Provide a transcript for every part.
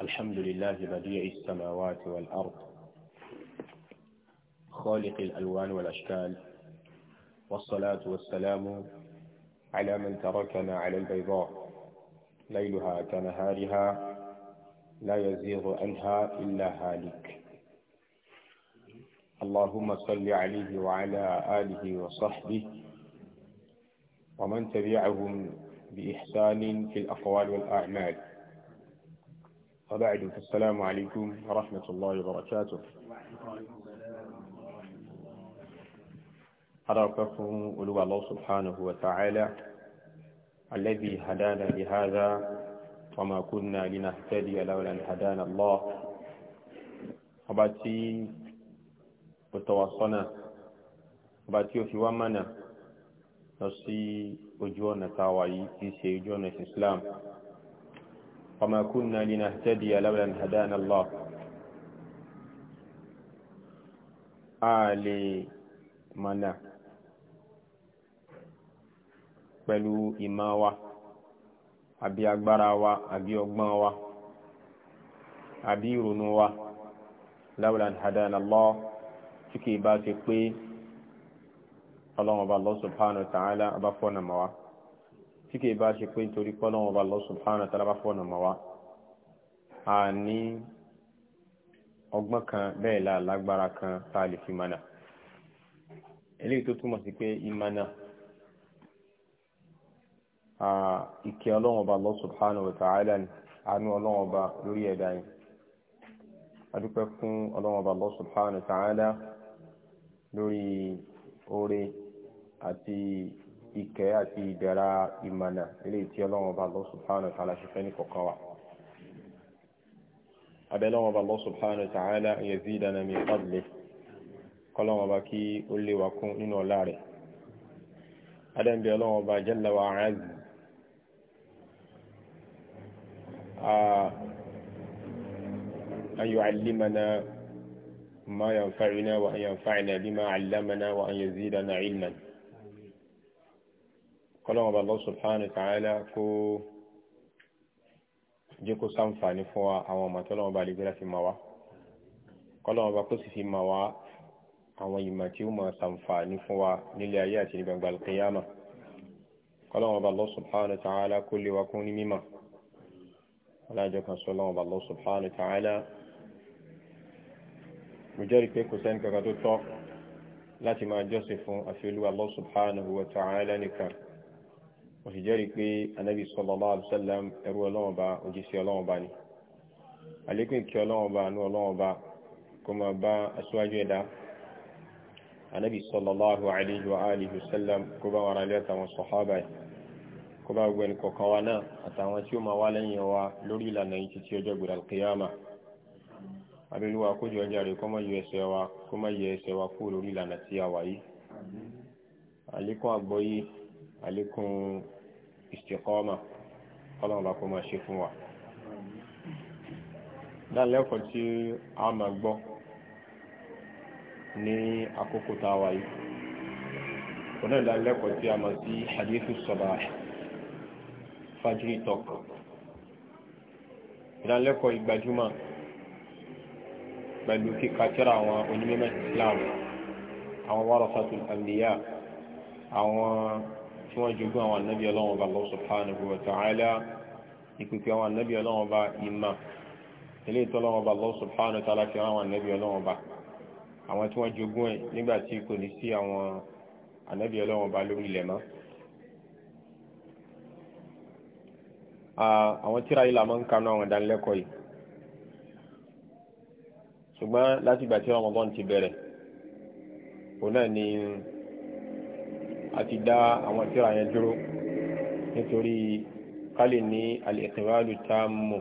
الحمد لله بديع السماوات والأرض خالق الألوان والأشكال والصلاة والسلام على من تركنا على البيضاء ليلها كنهارها لا يزيغ عنها إلا هالك اللهم صل عليه وعلى آله وصحبه ومن تبعهم بإحسان في الأقوال والأعمال وبعد السلام عليكم ورحمة الله وبركاته أراكم أولو الله سبحانه وتعالى الذي هدانا لهذا وما كنا لنهتدي لولا أن هدانا الله وباتي وتواصلنا وباتي في ومنا نصي وجونا تاوي في في الإسلام وما كنا لنهتدي لولا ان هدانا الله ààlè mọ̀nà pẹ̀lú ìmọ̀ wa àbí agbára wa àbí ọgbọ́n wa àbí ìrònú wa láwùlà àdáná lọ tí kìí bá ṣe pé ọlọ́run ọba Allah subhanahu wa ọba fọ́nà mọ́ wa tí kìí bá ṣe pé nítorí pé ọlọ́run ọba Allah subhanahu wa ta'ala bá fọ́ọ̀nà mọ́ wa a ní ọgbọ́n kan bẹ́ẹ̀ la lágbára kan tá a lè fi mọ̀nà eléyìí tó túmọ̀ sí pé ìmọ̀nà ìkẹ́ ọlọ́run ọba Allah subhanahu wa ta'ala ni àánú ọlọ́run ọba lórí ẹ̀dá yìí adúpẹ́ fún ọlọ́run ọba Allah subhanahu wa ta'ala lórí oore àti ìkẹ́ àti ìdẹ̀ra ìmọ̀nà eléyìí tí ọlọ́run ọba Allah subhanahu wa ta'ala ṣe fẹ́ ní kọ̀ọ̀kan wa. abẹ́lẹ́ wọn ọba Allah subhanahu wa ta'ala yazidana min fadlihi kọ́lọ́run ọba kí ó lé wa kún nínú ọlá rẹ̀. adẹ́nbi ọlọ́run ọba jalla wa azza. أن يعلمنا ما ينفعنا وأن ينفعنا بما علمنا وأن يزيدنا علما kọ́lọ́mọ̀ bá Allah subhanahu wa ta'ala kó jẹ́ kó sáǹfààní fún wa àwọn ọmọ tọ́lọ́mọ̀ bá lẹ́gbẹ́rẹ́ fi máa wá kọ́lọ́mọ̀ bá kó sì fi máa wá àwọn ìmọ̀ tí ó máa sáǹfààní fún wa nílé ayé àti ní gbangba alkiyama kọ́lọ́mọ̀ bá Allah subhanahu wa kó lè wa kún ní mímọ̀ ọlájọ́ kan sọ lọ́wọ́ bá Allah subhanahu wa mo jẹ́rìí pé kò sẹ́ni kankan tó tọ́ láti máa jọ́sìn fún àfi Olúwa Allah subhanahu wa ta'ala nìkan wọ́n sì jẹ́rìí pé anabi sallallahu alaihi wasallam ẹrú ọlọ́wọ́n ba òjíṣẹ́ ọlọ́wọ́n ba ni àlékún ìkẹ́ ọlọ́wọ́n ba àánú ọlọ́wọ́n ba kó máa bá aṣáájú ẹ̀dá anabi sallallahu alaihi wa alihi wasallam kó bá wọn alẹ́ àtàwọn sọ̀hábà ẹ̀ kó bá gbẹ̀ni kọ̀ọ̀kan wa náà àtàwọn tí ó máa wá lẹ́yìn wa lórí ìlànà yìí títí ọjọ́ gbèrè alkiyama abẹ́lúwa kójú ọjà rẹ̀ kó má yọ ẹsẹ̀ wa kó má yẹ ẹsẹ̀ àlékún istiqama ọlọ́run bá kó máa ṣe fún wa. dánilẹ́kọ̀ọ́ tí a máa gbọ́ ní àkókò tá a wà yìí kò náà dánilẹ́kọ̀ọ́ tí a ma sí hadithu sabah fajiri talk ìdánilẹ́kọ̀ọ́ ìgbajúmọ̀ pẹ̀lú kíkà tírà àwọn onímọ̀ Islam àwọn warasatul anbiya àwọn tí wọ́n jogún àwọn ànábì ọlọ́wọ́n ọba Allah subhanahu wa ta'ala ìpèpè àwọn ànábì ọlọ́wọ́n ọba ìmà ilé ìtọ́lọ́wọ́n ọba Allah subhanahu wa ta'ala fi hàn àwọn ànábì ọlọ́wọ́n ọba àwọn tí wọ́n jogún ẹ̀ nígbà tí kò ní sí àwọn ànábì ọlọ́wọ́n ọba lórí ilẹ̀ mọ́. àwọn tíra yìí la ń kanú àwọn ìdánilẹ́kọ̀ọ́ yìí ṣùgbọ́n láti ìgbà tí Ramadan ti àti dá àwọn tíra yẹn dúró nítorí kálí ní al-iqbalu tammu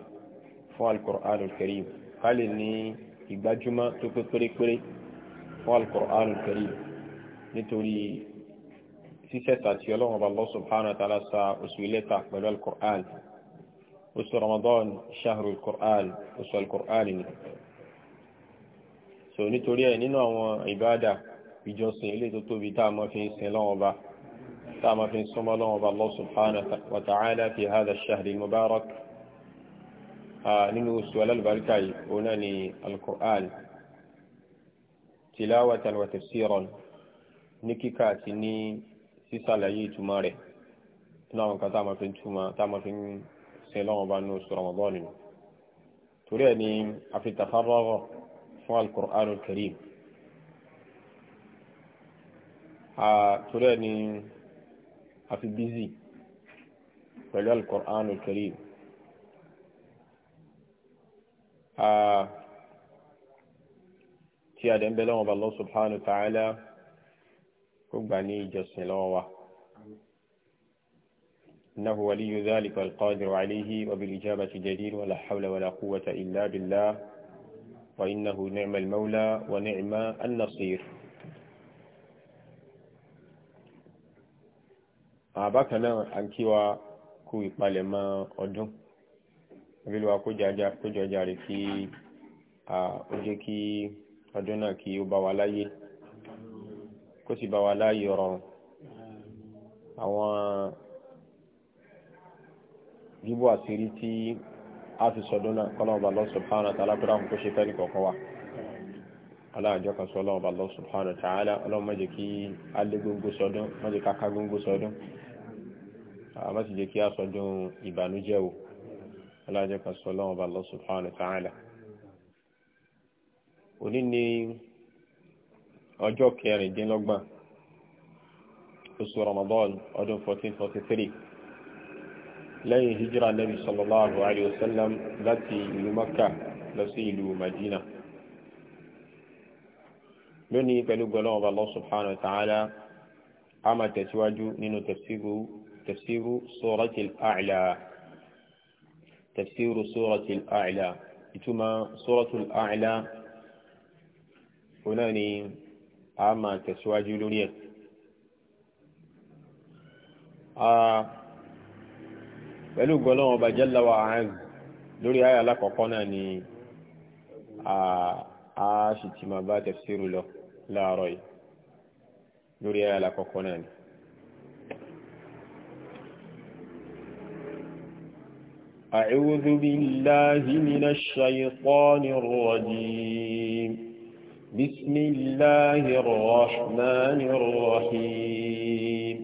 fún al-Qur'an al-Karim kálí ní ìgbájúmọ́ tó pé pérépéré fún al-Qur'an al-Karim nítorí sísẹ́ta tí ọlọ́run Allah subhanahu wa ta'ala sa oṣù ilẹ́ta pẹ̀lú al oṣù Ramadan shahru al-Qur'an oṣù al ni so nítorí ẹ̀ nínú àwọn ìbáàdà ìjọsìn ilé tó tóbi tá a máa fi ń sin lọ́wọ́ bá tá a máa fi ń súnmọ́ lọ́wọ́ bá Allah subhanahu wa fi hadha ash nínú oṣù alálùbáríkà yìí òun náà ni al-Qur'an tilawatan wa tafsiran ní kíkà àti ní sísàlàyé ìtumọ̀ rẹ̀ nínú àwọn kan tá a máa fi ń túmọ̀ tá a máa fi ń sin lọ́wọ́ bá nínú oṣù Ramadan nínú torí ẹ̀ ni kika ati ni sisalaye itumo re kan ta a fi n tumo ta a fi n sin lowo ba ninu osu ramadan tori e ni afi fún al al-Karim. torí ẹ̀ ni a fi bízì pẹ̀lú alukur'an karim tí a dẹ̀ ń bẹ lọ́wọ́ Allah subhanahu wa ta'ala kó gbà ní ìjọsìn lọ́wọ́ wa. إنه ولي ذلك والقادر عليه وبالإجابة جدير ولا حول ولا قوة إلا بالله وإنه نعم المولى ونعم النصير àbákan ah, náà à ń kí wa kú ìpalẹ̀mọ́ ọdún abílùwà kójọ jàre kí ó jẹ́ kí ọdún náà kí ó bá wa láyé kó sì bá wa láyé rọrùn àwọn bíbú àṣírí tí a fi sọdún náà kọ́lọ́ọ̀bà Allah subhanahu wa ta'ala kó dáhùn kó ṣe fẹ́ nìkọ̀ọ̀kan wa kan sọ ọlọ́ọ̀bà Allah subhanahu wa ta'ala kí alé sọdún má jẹ́ ká sọdún àmọ́ sì jẹ́ kí a sọdún ìbànújẹ́ o ọlọ́jẹ́ kan sọ lọ́wọ́ bá Allah subhanahu wa ta'ala. òní ni ọjọ́ kẹrìndínlọ́gbọ̀n oṣù Ramadan ọdún 1443 lẹ́yìn hijira nabi sallallahu alayhi wa sallam láti ìlú Makka lọ sí ìlú Madina lónìí pẹ̀lú gbọ́lọ́wọ́ bá Allah subhanahu wa a máa tẹ̀síwájú nínú tafsiru تفسير سورة الأعلى تفسير سورة الأعلى إتما سورة الأعلى هناني أما تسواج لونية pẹ̀lú gbọ́lọ́wọ́ ọba jalla wa az lórí ayà alákọ̀ọ́kọ́ náà ni a ṣì ti máa bá tafsiru lọ láàárọ̀ yìí lórí ayà alákọ̀ọ́kọ́ náà ni أعوذ بالله من الشيطان الرجيم بسم الله الرحمن الرحيم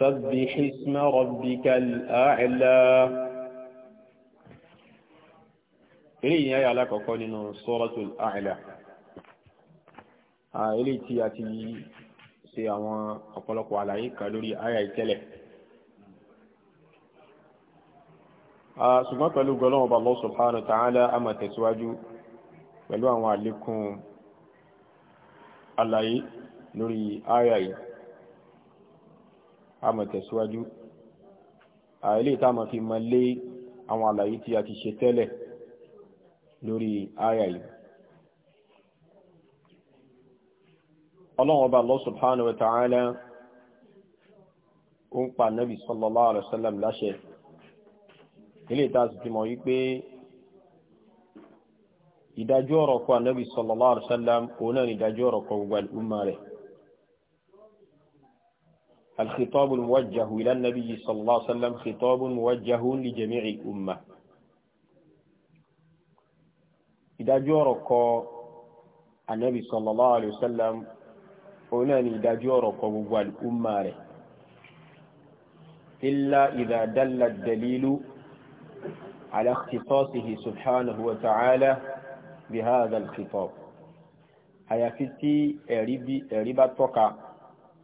سبح اسم ربك الأعلى إليه يا لك قولنا سورة الأعلى eléyìí tí a ti ṣe àwọn ọ̀pọ̀lọpọ̀ àlàyé kan lórí ṣùgbọ́n pẹ̀lú gọlọ́wọ́ bá Allah subhanahu wa ta'ala a máa tẹ̀síwájú pẹ̀lú àwọn àlékún àlàyé lórí àyà yìí a máa tẹ̀síwájú àìlè tá a máa fi máa lé àwọn àlàyé tí a ti ṣe tẹ́lẹ̀ lórí àyà yìí ọlọ́wọ́ bá Allah subhanahu ó ń pa nabi sallallahu alaihi wasallam láṣẹ ilé ìta sì ti mọ̀ wípé ìdájọ́ ọ̀rọ̀ kọ ànábì sallallahu alaihi wasallam òun náà ni ìdájọ́ ọ̀rọ̀ kọ gbogbo àlùmọ́ rẹ̀ الخطاب الموجه إلى النبي صلى الله عليه وسلم خطاب موجه لجميع الأمة ìdájọ́ ọ̀rọ̀ kọ ànábì sallallahu alaihi wasallam òun náà ni ìdájọ́ ọ̀rọ̀ kọ gbogbo àlùmọ́ rẹ̀ illa idha dalla على اختصاصه سبحانه وتعالى بهذا الخطاب àyàfi tí ẹ̀rí bá tọ́ka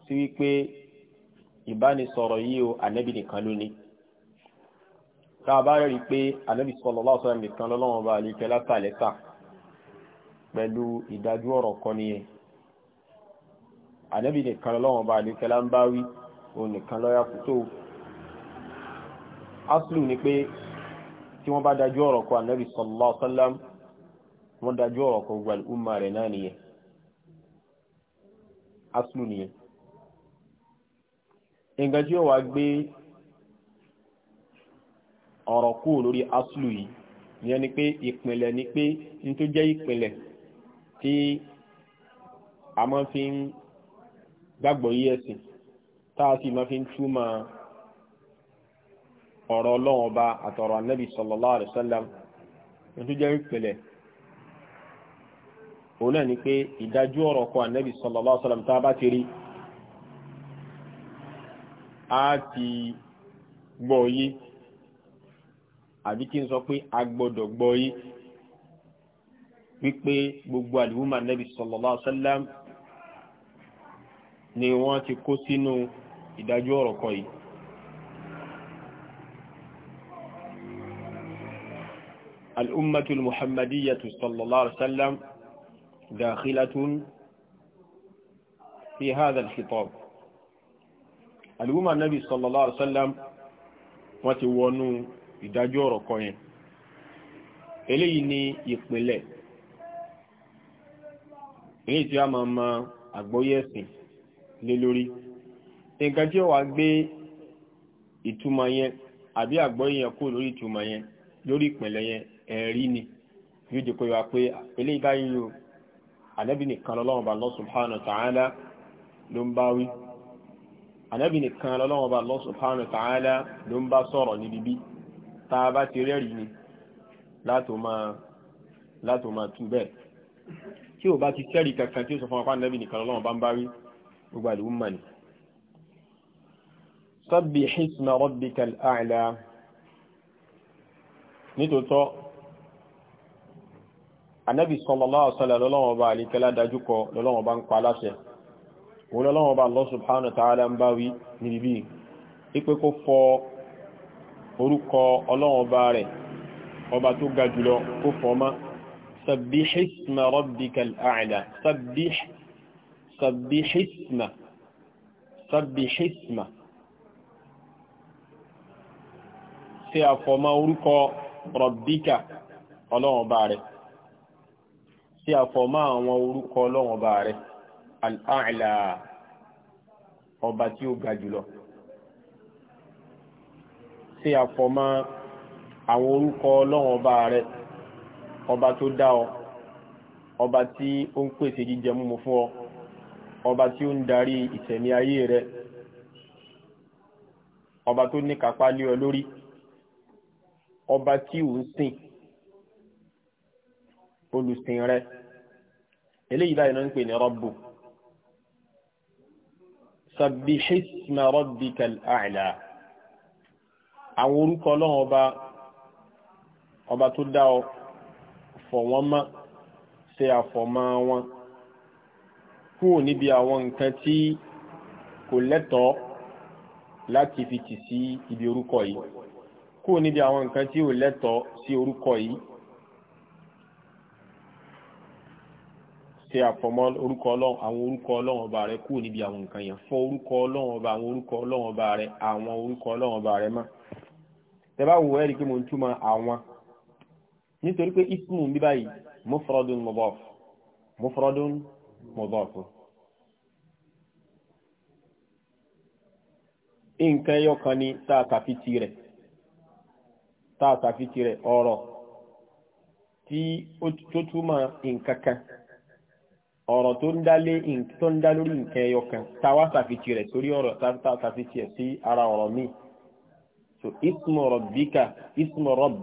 sí wípé ìbánisọ̀rọ̀ yìí o ànábì nìkan ló ní tá a bá rí pé ànábì sallallahu alaihi wasallam nìkan lọ́lọ́wọ́ bá alẹ́kẹ́ látàlẹ́sà pẹ̀lú ìdájú ọ̀rọ̀ kan nìyẹn ànábì nìkan lọ́lọ́wọ́ bá alẹ́kẹ́ lá òun nìkan lọ́yà kú aslu ni pé tí wọ́n bá dájú ọ̀rọ̀ kọ ànábì sallallahu alaihi wasallam wọ́n dájú ọ̀rọ̀ kọ gbogbo àlùmọ́ rẹ̀ náà nìyẹn aslu nìyẹn nǹkan tí ó wá gbé ọ̀rọ̀ kú lórí aslu yìí nìyẹn ni pé ìpìnlẹ̀ ni pé n tó jẹ́ ìpìnlẹ̀ tí a máa fi ń gbàgbọ́ yí ẹ̀sìn tá a sì máa fi ń túmọ̀ ọ̀rọ̀ ọlọ́run ọba àtọ̀rọ̀ anábì sallallahu alaihi wasallam tó jẹ́ ìpìlẹ̀ òun náà ni pé ìdájú ọ̀rọ̀ kọ anábì sallallahu alaihi wasallam tá a bá ti rí a ti gbọ́ yé àbí kí n sọ pé a gbọ́dọ̀ gbọ́ yé wípé gbogbo àlùmọ́ anábì sallallahu alaihi ni wọ́n ti kó sínú ìdájú ọ̀rọ̀ kọ yìí. الأمة المحمدية صلى الله عليه وسلم داخلة في هذا الخطاب الأمة النبي صلى الله عليه وسلم وتوانو ìdájọ́ ọ̀rọ̀ kan yẹn eléyìí ni ìpìlẹ̀ èyí tí a máa ma àgbọ́yé ẹ̀sìn lé lórí nǹkan tí ó wà gbé ìtumọ̀ yẹn àbí àgbọ́yé yẹn kó lórí ìtumọ̀ yẹn lórí ìpìlẹ̀ yẹn ẹ̀rí ni yóò jẹ́ kó yọ pé eléyìí báyìí o ànábì nìkan lọ́lọ́run bá Allah subhanahu wa ta'ala ló ń bá wí ànábì nìkan lọ́lọ́run bá Allah subhanahu wa ta'ala ló ń bá sọ̀rọ̀ níbi bí tá a bá ti rẹ́rìí ni látò máa tú bẹ́ẹ̀ tí o bá ti sẹ́rìí kankan tí o sọ fún apá ànábì nìkan lọ́lọ́run bá ń bá wí gbogbo àdìgún mọ̀ ni. sabbih isma rabbikal a'la nítòótọ́ anabi sallallahu alaihi wasallam lọ́lọ́wọ́ bá alikẹ́lá dájúkọ lọ́lọ́wọ́ bá ń pa aláṣẹ òun lọ́lọ́wọ́ bá Allah subhanahu wa ta'ala ń bá wí níbi bí ipé kó fọ orúkọ ọlọ́wọ́ bá rẹ̀ ọba tó ga jùlọ kó fọ mọ́ sabbih isma rabbikal a'la sabbih sabbih isma sabbih isma orúkọ rabbika ọlọ́wọ́ bá sí àfọ̀mọ́ àwọn orúkọ ọlọ́run ọba rẹ̀ al-a'la ọba tí ó ga jùlọ sí àfọ̀mọ́ àwọn orúkọ ọlọ́run ọba rẹ̀ ọba tó dá ọ ọba tí ó ń pèsè jíjẹ múmu fún ọ ọba tí ó ń darí ìṣẹ̀mí ayé rẹ ọba tó ní kápá lé ọ lórí ọba tí ò ń sìn olùsìn rẹ eléyìí báyìí náà ń pè ní rọ́bù sabbihisma rabbikal a'la àwọn orúkọ ọlọ́run ọba ọba tó dá ọ fọ̀ wọ́n mọ́ ṣe àfọ̀mọ́ wọn kúrò níbi àwọn nǹkan tí kò lẹ́tọ̀ọ́ láti fi tì sí ibi orúkọ yìí kúrò níbi àwọn nǹkan tí ò lẹ́tọ̀ọ́ sí orúkọ yìí ṣe àfọmọ́ orúkọ ọlọ́run àwọn orúkọ ọlọ́run ọba rẹ kúrò níbi àwọn nǹkan fọ orúkọ ọlọ́run ọba àwọn orúkọ ọlọ́run ọba rẹ àwọn orúkọ ọlọ́run ọba rẹ mọ́ tẹ́bá wò ẹ́ rí i pé mo ń àwọn nítorí pé ismu bí báyìí nǹkan ẹyọ kan ni tá a kàfi ọ̀rọ̀ tó ń dá lé tó ń dá lórí nǹkan ẹyọ kan táwa ṣàfitì rẹ̀ sórí ọ̀rọ̀ tá ẹ̀ sí ara ọ̀rọ̀ míì so ismu rabbika ismu rabb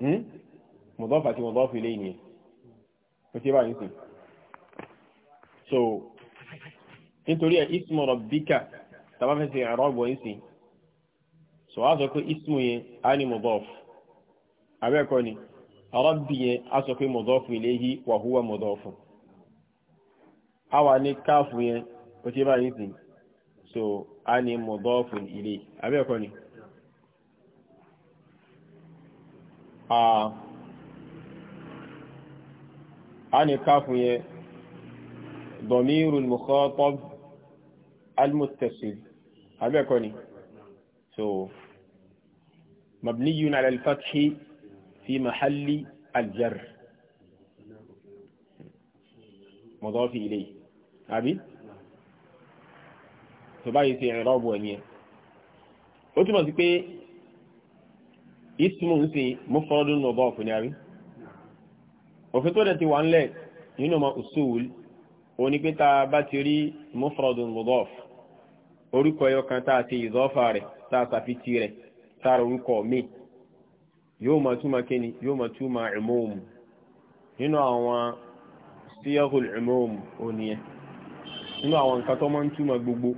hmm? mudaf àti mudaf ilé ìyẹn ó ṣe báyìí so nítorí ẹ ismu rabbika tàbá fẹ́ ṣe ẹ̀rọ ọgbọ̀n so a sọ pé ismu yẹn á ní abẹ́ẹ̀kọ́ ni rabbi yẹn a sọ pé awa ní kafu yẹn ó ti bá yìí sìn so a ní fún ilé abẹ́ẹ̀kọ́ ni a ní kafu yẹn domirul mukhatab almuttasil abẹ́ẹ̀kọ́ ni so مبني على الفتح في محل الجر مضاف إليه àbí tó báyìí ṣe ìrọ́bù ẹ̀ ó túmọ̀ sí pé si ń sin mufradun nù ọba ọ̀fìn àbí òfin tó dẹ̀ ti wà ńlẹ̀ nínú ọmọ usul òní pé tá bá ti rí mufradun mudaf orúkọ ẹyọ kan tá a ṣe ìzọ́fà rẹ̀ tá a ṣàfitì rẹ̀ tá a rọ orúkọ yóò máa túmọ̀ kíni yóò máa túmọ̀ nínú àwọn nínú àwọn nǹkan tó máa ń túmọ̀ gbogbo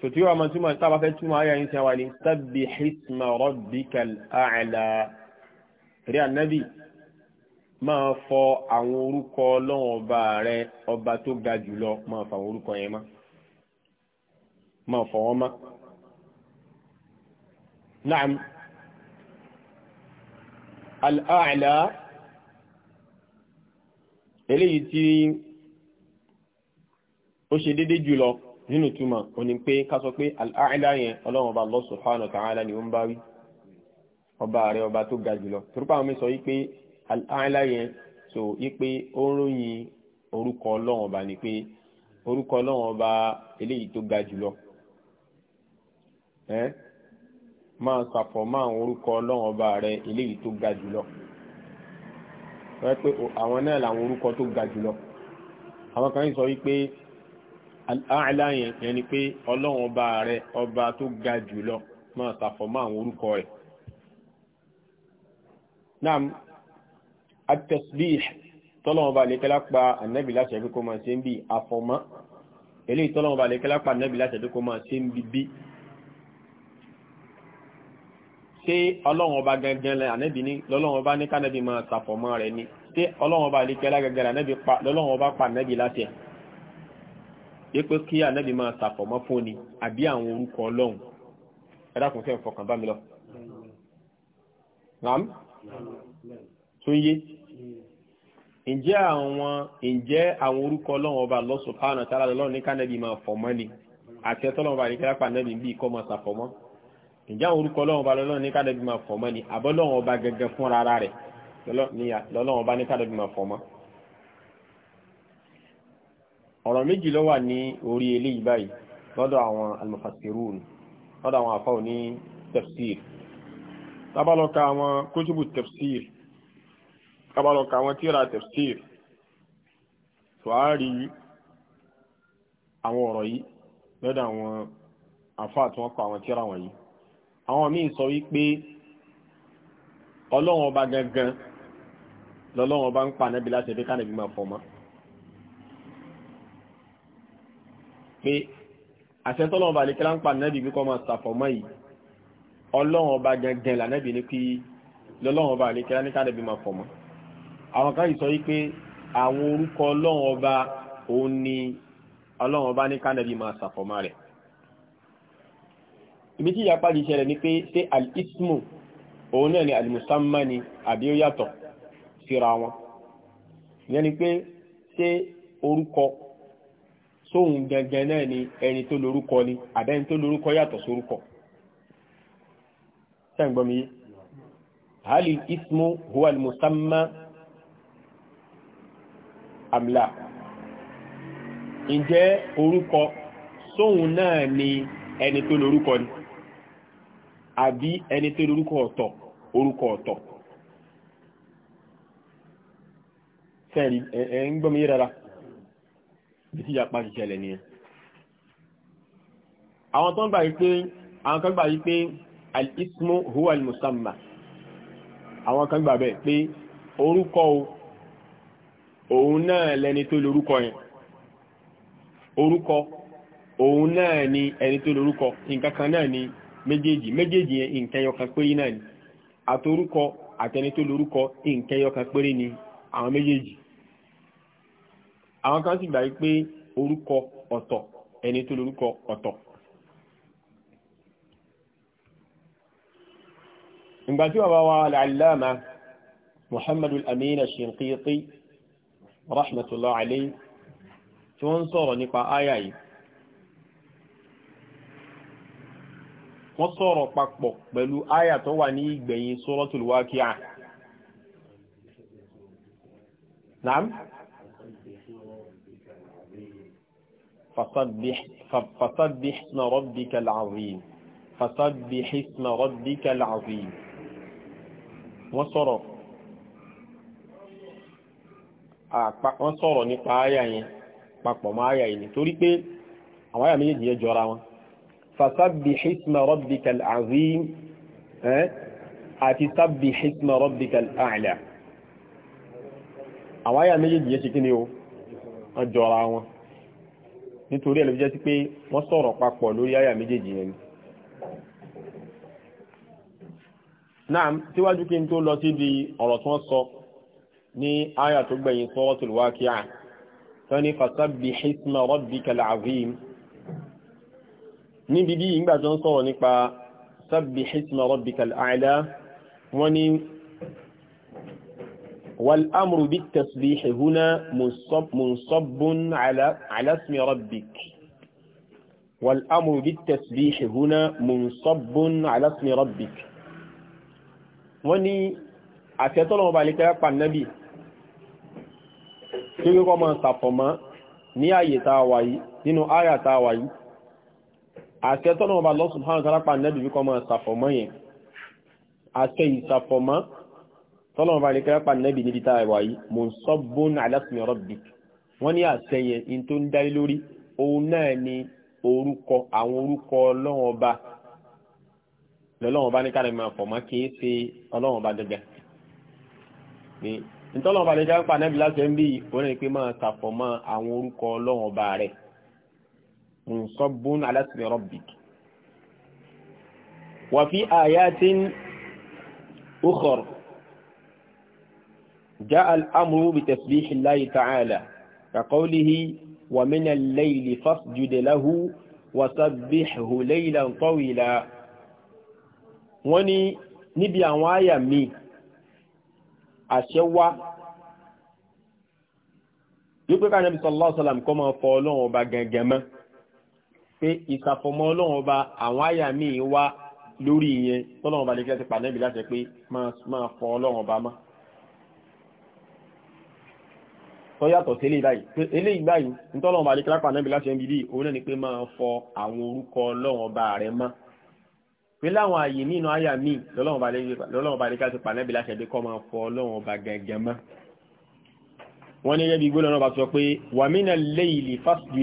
sòtí wàá máa túmọ̀ tá a bá fẹ́ túmọ̀ ayé àyíṣẹ́ wa ni sabbih isma rabbikal a'la rí ànábì máa fọ àwọn orúkọ ọlọ́run ọba rẹ ọba tó ga jùlọ máa fọ àwọn orúkọ yẹn mọ́ máa fọ wọn mọ́ naam al-a'la eléyìí ó ṣe déédéé jùlọ nínú túmọ̀ ó ní pé ká sọ pé al-a'la yẹn ọlọ́run ọba Allah subhanahu wa ta'ala ni ó ń bá wí ọba rẹ ọba tó ga jùlọ torípa àwọn mi sọ yí pé al-a'la yẹn so yí pé ó ń ròyìn orúkọ ọlọ́run ọba ni pé orúkọ ọlọ́run ọba eléyìí tó ga jùlọ ẹ máa sàfọ̀ máa orúkọ ọlọ́run ọba rẹ eléyìí tó ga jùlọ wọ́n pé àwọn náà làwọn orúkọ tó ga jùlọ àwọn kan sọ wípé al-a'la yẹn yẹn ni pé ọlọ́run ọba rẹ ọba tó ga jù lọ máa ṣàfọ̀mọ́ àwọn orúkọ rẹ̀. naam at-tasbih tọ́lọ́wọ́n bá lè kẹ́lá pa ànábì láti ẹ̀bí kó máa ṣe ń bí àfọ̀mọ́ eléyìí tọ́lọ́wọ́n bá lè kẹ́lá pa ànábì láti ẹ̀bí kó máa ṣe ń bí bí ṣé ọlọ́wọ́n bá gangan lẹ ànábì ní lọ́lọ́wọ́n bá ní kánábì máa ṣàfọ̀mọ́ rẹ̀ ni ṣé ọlọ́wọ́n bá lè kẹ́lá gangan lọ́lọ́wọ́n bá pa ànábì láti yé pé kí ànábì máa ṣàfọ̀mọ́ fún ni àbí àwọn orúkọ ọlọ́run ẹ dákun fẹ́ fọkàn bá mi lọ. ram tún yé ǹjẹ́ àwọn ǹjẹ́ àwọn orúkọ ọlọ́run ọba Allah subhanahu wa ta'ala lọ́run ní kánẹ́bì máa fọ̀mọ́ ni àti ẹtọ́lọ́run ọba ní kílápà ànábì bíi kọ́ máa ṣàfọ̀mọ́ ǹjẹ́ àwọn orúkọ ọlọ́run ọba lọ́run ní kánẹ́bì máa fọ̀mọ́ ni àbọ́lọ́run ọba gẹ́gẹ́ fúnra rẹ̀ lọ́lọ́run ọba ní kánẹ́bì máa fọ̀mọ́ ọ̀rọ̀ méjì ló wà ní orí eléyìí báyìí lọ́dọ̀ àwọn almufassirun lọ́dọ̀ àwọn àfáà ní tafsir tábàlọ́ka àwọn kútùbù tafsir tábàlọ́ka àwọn tíra tafsir tùwárí àwọn ọ̀rọ̀ yìí lọ́dọ̀ àwọn àfáà tí wọ́n kọ àwọn tíra wọ̀nyí àwọn míì sọ wípé ọlọ́run ọba gangan lọ́lọ́run ọba ń pa ànábì láti ẹbí máa fọ́ mọ́ pé àṣẹ́tọ́lọ́run ọba àlekẹ́lá ń pa nẹ́bí bí kọ́ máa ṣàfọ̀mọ́ yìí ọlọ́run ọba gangan lànẹ́bí ní kí lọ́lọ́run ọba àlekẹ́lá ní kánẹ́bí máa fọ̀mọ́ àwọn kan yìí sọ yìí pé àwọn orúkọ ọlọ́run ọba òun ni ọlọ́run ọba ní kánẹ́bí máa ṣàfọ̀mọ́ rẹ̀ ibi tí ìyapa yìí ṣẹlẹ̀ ni pé ṣé al-ismu òun náà ni al-musamma ni àbí ó yàtọ̀ síra wọn ìyẹn ni pé ṣé orúkọ tóun gangan náà ni ẹni tó lórúkọ ni àbẹ́ni tó lórúkọ yàtọ̀ sórúkọ sẹ́ǹgbọ́n mi yé hali ismu huwa musamma amla ǹjẹ́ orúkọ sóun náà ni ẹni tó lórúkọ ni àbí ẹni tó lórúkọ ọ̀tọ̀ orúkọ ọ̀tọ̀ sẹ́ẹ̀rí ẹ̀ ń gbọ́n mi yé rárá bí tí ìyapa ti ṣẹlẹ̀ nìyẹn àwọn tó ń gbà wípé àwọn kan gbà wípé al-ismu huwa al-musamma àwọn kan gbà bẹ́ẹ̀ pé orúkọ o òun náà lẹni tó lórúkọ yẹn orúkọ òun náà ni ẹni tó lórúkọ nǹkan kan náà ni méjèèjì méjèèjì yẹn nǹkan ẹyọkan péré náà ni àtorúkọ àtẹni tó lórúkọ nǹkan ẹyọkan péré ni àwọn méjèèjì àwọn kan sì gbà yí pé orúkọ ọ̀tọ̀ ẹni tó lórúkọ ọ̀tọ̀ ìgbàtí bàbá wa al-allama muhammadul amin ash-shinqiti rahmatullah alayhi tí wọ́n ń sọ̀rọ̀ nípa áyà yìí wọ́n sọ̀rọ̀ papọ̀ pẹ̀lú áyà wà ní ìgbẹ̀yìn suratul Naam? فسبح فسبح اسم ربك العظيم فسبح اسم ربك العظيم وصرف wọ́n sọ̀rọ̀ nípa àyà yẹn papọ̀ mọ́ àyà yìí torí pé àwọn àyà méjèèjì yẹn jọra wọn fasabbih isma rabbikal azim àti sabbih isma rabbikal a'la àwọn àyà méjèèjì yẹn ṣe kí ni ó jọra wọn nítorí ẹ̀ ló jẹ́ sí pé wọ́n sọ̀rọ̀ papọ̀ lórí àyà méjèèjì yẹn ni. náà síwájú kí n tó lọ síbi ọ̀rọ̀ tí wọ́n sọ ní àyà tó gbẹ̀yìn Suratul Waqi'ah tó ní fasabbih isma rabbikal azim níbi bí ìgbà tó ń sọ̀rọ̀ nípa sabbih isma rabbikal a'la wọ́n ní والأمر بالتسبيح هنا منصب, منصب على, على اسم ربك والأمر بالتسبيح هنا منصب على اسم ربك وني أتطلع بالك يقع النبي تقول ما صفما ní àyè tàà wáyí nínú àyà tàà wáyí àṣẹ tọ́nà ọba Allah subhanahu wa ta'ala pa nẹ́bì tọ́lọ́mọ bá nìkan pa nẹ́bì níbi tá a wà yìí mò ń sọ bóun aláṣẹ ọ̀rọ̀ bì wọ́n ní àṣẹ yẹn ní tó ń dá lórí òun náà ni orúkọ àwọn orúkọ ọlọ́wọ́n ọba lọ́lọ́wọ́n ọba ní káàdì máa fọ̀ mọ́ kí n ṣe ọlọ́wọ́n ọba gẹ́gẹ́ ni ntọ́lọ́wọ́n ọba nìkan pa nẹ́bì láṣẹ ń bí òun ní pé máa ṣàfọ̀mọ́ àwọn orúkọ ọlọ́wọ́n ọba rẹ̀ mò ń sọ bóun aláṣẹ ọ̀rọ̀ wà fi àyà tí ń ó جاء الأمر بتسبيح الله تعالى كقوله ومن الليل فاسجد له وسبحه ليلا طويلا وني níbi àwọn àyà mi àṣẹ wá wípé ká nàbí sallallahu alaihi wasallam kọ́ máa fọ ọlọ́run ọba gẹ̀gẹ̀ mọ́ pé ìsàfọmọ́ ọlọ́run ọba àwọn àyà mi wá lórí ìyẹn tọ́lọ́run ọba lè fi láti pàdánù láti pé máa fọ ọlọ́run ọba mọ́ tó yàtọ̀ sí eléyìí báyìí pé eléyìí báyìí nítọ́lọ́ ọba àdékẹ́lá pàdé bí láti ẹnbí òun náà ni pé máa fọ àwọn orúkọ ọlọ́run ọba rẹ mọ́ pé láwọn àyè ní inú àyà míì lọ́lọ́run ọba àdékẹ́lá ti pàdé bí láti ẹbí kọ́ máa fọ ọlọ́run ọba gẹ̀gẹ̀ mọ́. wọ́n ní ẹgbẹ́ igbó lọ́nà ọba sọ pé wàmínà léyìlì fásitì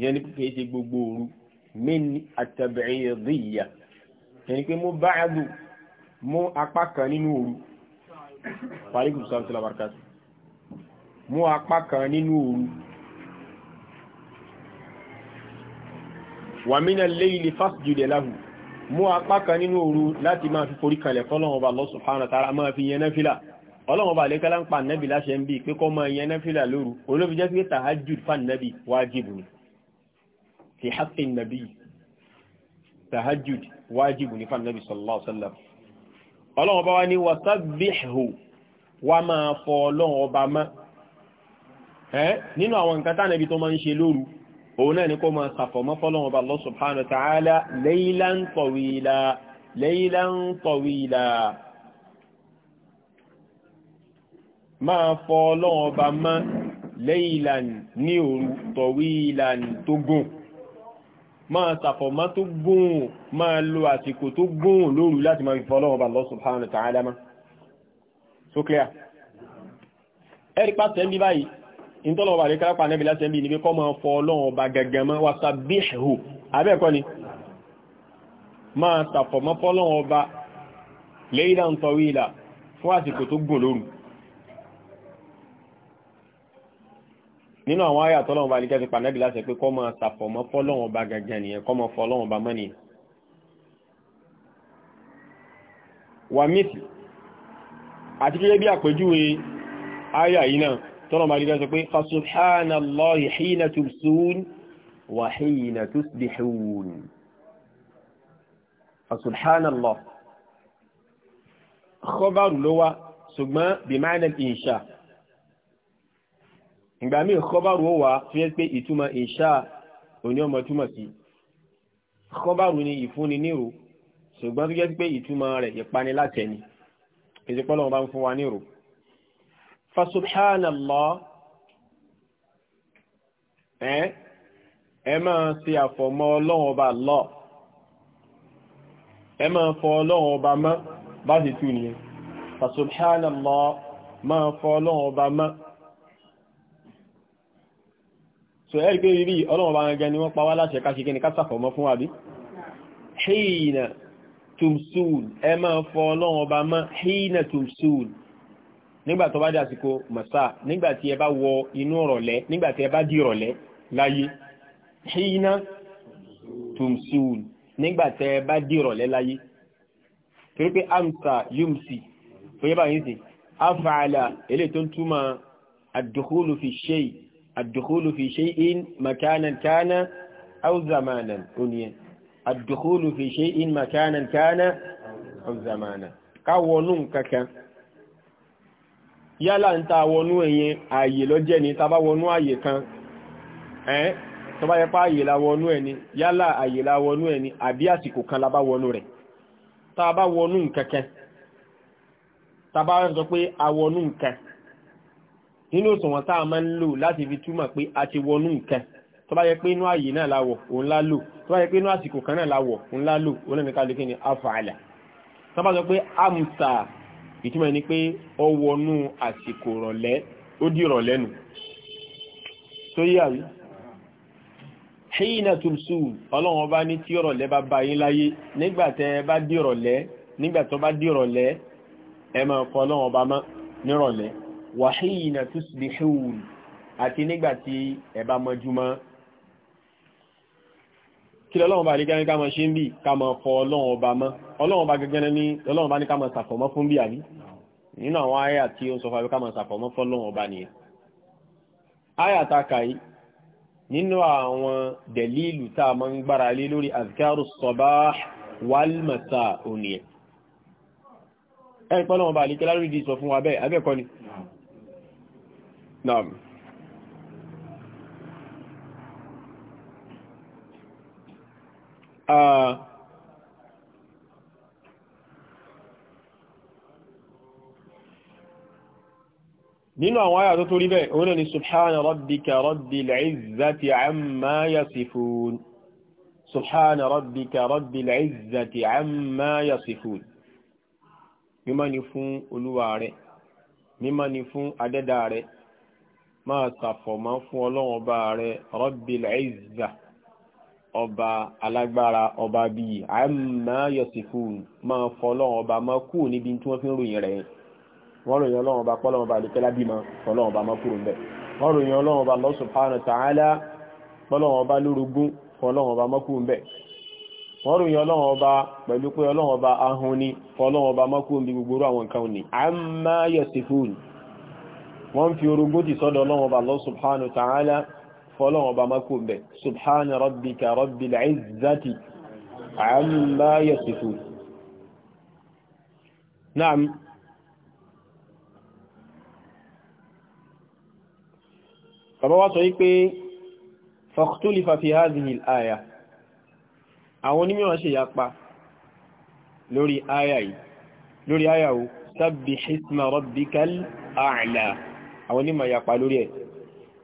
ìyẹn ni kìí ṣe gbogbo òru mẹ́ni àtẹ̀bẹ̀rẹ̀ rí ìyà ẹni pé mo bá àdù mú apá kan nínú òru paríkù sáàtì labarkatì mú apá kan nínú òru wàmínà léyìlì fásitìjúdẹ̀ láhù mú apá kan nínú òru láti máa fi forí kalẹ̀ fọ́lọ́wọ́ba Allah subhanahu wa ta'ala máa fi yẹn náfílà ọlọ́run fi haqqi nàbí tahajjud wájibù ní fún nàbí sallallahu alaihi wasallam ọlọ́run ọba wa ní wasabbihu wa máa fọ ọlọ́run ọba mọ́ nínú àwọn nǹkan tánàbí tó máa ń ṣe lóru òun náà ni kó máa sàfọ̀mọ́ fọ́lọ́run ọba Allah subhanahu wa ta'ala laylan tawila ní òru tawila tó gùn máa ṣàfọ̀mọ́ tó gùn máa lo àsìkò tó gùn lóru láti máa fọ́ ọlọ́run Allah subhanahu wa ta'ala mọ́ so clear ẹ̀rí pàṣẹ ń bí báyìí ìtọ́lọ̀ wà lè kárápà nẹ́bí láti ẹ̀bí níbi kọ́ máa fọ ọlọ́run ọba gẹ̀gẹ̀ mọ́ wa sabbihu abẹ́ẹ̀kọ́ ni máa ṣàfọ̀mọ́ fọ́lọ́run ọba laylan tawila fún àsìkò tó gùn lóru nínú àwọn ayé àtọ́lọ́wọ́n bá nìkẹ́ ti pàdánù láṣẹ pé kọ́ máa ṣàfọ̀mọ́ fọ́lọ́wọ́n bá gàgàn nìyẹn kọ́ máa fọ́lọ́wọ́n bá mọ́ nìyẹn. wàmíìtì àti kíkẹ́ bí àpèjúwe ayé àyí náà tọ́lọ́wọ́n bá nìkẹ́ sọ pé fasubhanallahi hina tumsun wa hina tusbihun fasubhanallah khabaru ló wá ṣùgbọ́n bí máa ìgbà míì kọ́bárù ó wà fi ẹ́ pé ìtumọ̀ ìṣá òní ọmọ túmọ̀ sí kọ́bárù ni ìfúnni nírò ṣùgbọ́n tó jẹ́ pé ìtumọ̀ rẹ̀ ìpani láti ẹni ìsìnkọ́lọ́ wọn bá ń fún wa nírò fasubhanallah ẹ ẹ máa ṣe àfọ̀mọ́ ọlọ́run ọba lọ ẹ máa fọ ọlọ́run mọ́ bá ti tú nìyẹn fasubhanallah máa fọ ọlọ́run mọ́ so ẹ̀rí pé rírí ọlọ́wọ́ bá gẹ́gẹ́ ni wọ́n pa wá láṣẹ káṣe kí ni kásàfọ̀mọ́ fún àbí hìnà tùmsùn ẹ máa fọ ọlọ́wọ́ bá mọ́ hìnà tùmsùn nígbà tó bá dé àsìkò mọ̀sá nígbà tí ẹ bá wọ inú ọ̀rọ̀lẹ́ nígbà tí ẹ bá di ọ̀rọ̀lẹ́ láyé hìnà tùmsùn nígbà ẹ bá di ọ̀rọ̀lẹ́ láyé torí pé amsa yumsi fòye báyìí sí afààlà eléyìí tó ń túmọ̀ àdùkúlù fi ṣe yìí الدخول في شيء مكانا كان أو زمانا أنيا الدخول في شيء مكانا كان أو زمانا كاونون كاكا yálà ń ta wọnú ẹ̀yẹn ààyè lọ́jẹ́ ni tàbá wọnú ààyè kan ẹ́ tó bá yẹpá ààyè la wọnú ẹ̀ ni yálà ààyè la wọnú ẹ̀ ni àbí àsìkò kan la wọnú rẹ̀ tàbá wọnú nkẹ́kẹ́ tàbá sọ pé a wọnú nínú òṣùwọ̀n tá a máa ń lò láti fi túmọ̀ pé a ti wọnú nǹkan tó bá yẹ pé inú ààyè náà láwọ̀ òun lá lò tó bá yẹ pé inú àsìkò kan náà láwọ̀ òun lá lò ni afààlà tó bá sọ pé amsa ìtumọ̀ ni pé ọ wọnú àsìkò rọ̀lẹ́ ó di rọ̀lẹ́ nù tó yí àrí ṣíyìnà tùsù ọlọ́run ọba ní tí rọ̀lẹ́ bá bá yín láyé nígbàtẹ́ bá dìrọ̀lẹ́ bá dìrọ̀lẹ́ ẹ wàhíyìnà tusbihun àti nígbà tí ẹ bá mọ́júmọ́ kí lọ́lọ́wọ́n bá nígbà ká mọ́ ṣe ń bí ká mọ́ fọ ọlọ́wọ́n ọba mọ́ ọlọ́wọ́n bá gẹ́gẹ́ ní lọ́lọ́wọ́n bá ní ká mọ́ sàfọ̀mọ́ fún bí àbí nínú àwọn àyà tí ó ń azkaru sabah wal masa òní ẹ̀ ẹ̀ pọ́lọ́wọ́n bá ní kí lárúdì sọ fún wa bẹ́ẹ̀ abẹ́kọ́ ni نعم. Ah. nínú àwọn àyà tó tó rí bẹ́ẹ̀ òun náà ni subhana rabbika rabbil izzati amma yasifun subhana rabbika rabbil izzati amma yasifun mímọ́ ni fún olúwa rẹ̀ mímọ́ máa ṣàfọ̀mọ́ fún ọlọ́run ọba rẹ rabbil ọba alágbára ọba bíi àmà yọsifun máa fọ ọlọ́run ọba máa kú níbi tí wọ́n fi ń ọba pọ́lọ́run ọba àlùkẹ́lá bímọ ọlọ́run ọba máa ọba Allah ọba lórogún fọlọ́run ọba máa ọba pẹ̀lú pé ọlọ́run ọba ahun ni ọba máa gbogbo àwọn nǹkan ni àmà wọ́n fi orogún ti sọ́dọ̀ ọlọ́run ọba Allah subhanahu wa ta'ala fọ́lọ́run ọba mako bẹ̀ subhana rabbika rabbil izzati amma yasifun naam bàbá wá sọ wípé fakhtulifa fi hadhihi al-aya àwọn onímọ̀ ṣe yapa lórí aya yìí lórí aya o sabbih isma rabbikal a'la àwọn onímọ̀ yapa lórí ẹ̀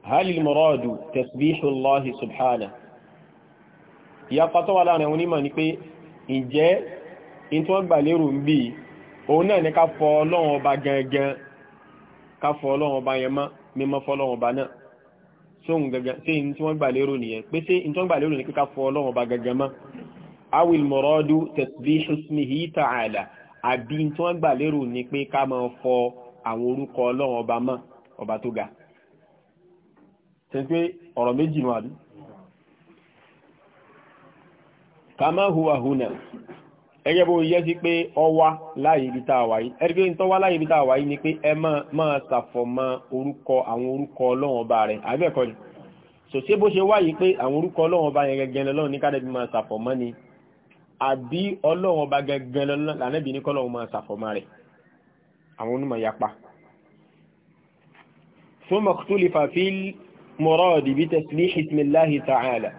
halil muradu tasbihullahi subhana ìyapa tó wà láàrin àwọn onímọ̀ ni pé ǹjẹ́ in tí wọ́n gbà lérò ń bí òun náà ní ká fọ ọlọ́run ọba gangan ká fọ ọlọ́run ọba yẹn mọ́ mímọ́ fọ ọlọ́run ọba náà sóhun gangan sí in tí wọ́n gbà lérò nìyẹn pé sí àwọn orúkọ ọlọ́run ọba mọ́ ọba tó ga ṣe pé ọ̀rọ̀ méjì nù àbí kàmá huwa huna ẹgẹ́ bó yẹ sí pé ọwá láyé ibi tá a wà yìí ẹ̀rí pé ń tọ́wá láyé ibi tá a wà yìí ni pé ẹ máa ṣàfọ̀mọ́ orúkọ àwọn orúkọ ọlọ́run ọba rẹ̀ àbẹ́ẹ̀kọ́ ni so ṣé bó ṣe wáyé pé àwọn orúkọ ọlọ́run ọba yẹn gẹ́gẹ́ lọ́wọ́ ní kádẹ́bí ثم اختلف في المراد بتسبيح اسم الله تعالى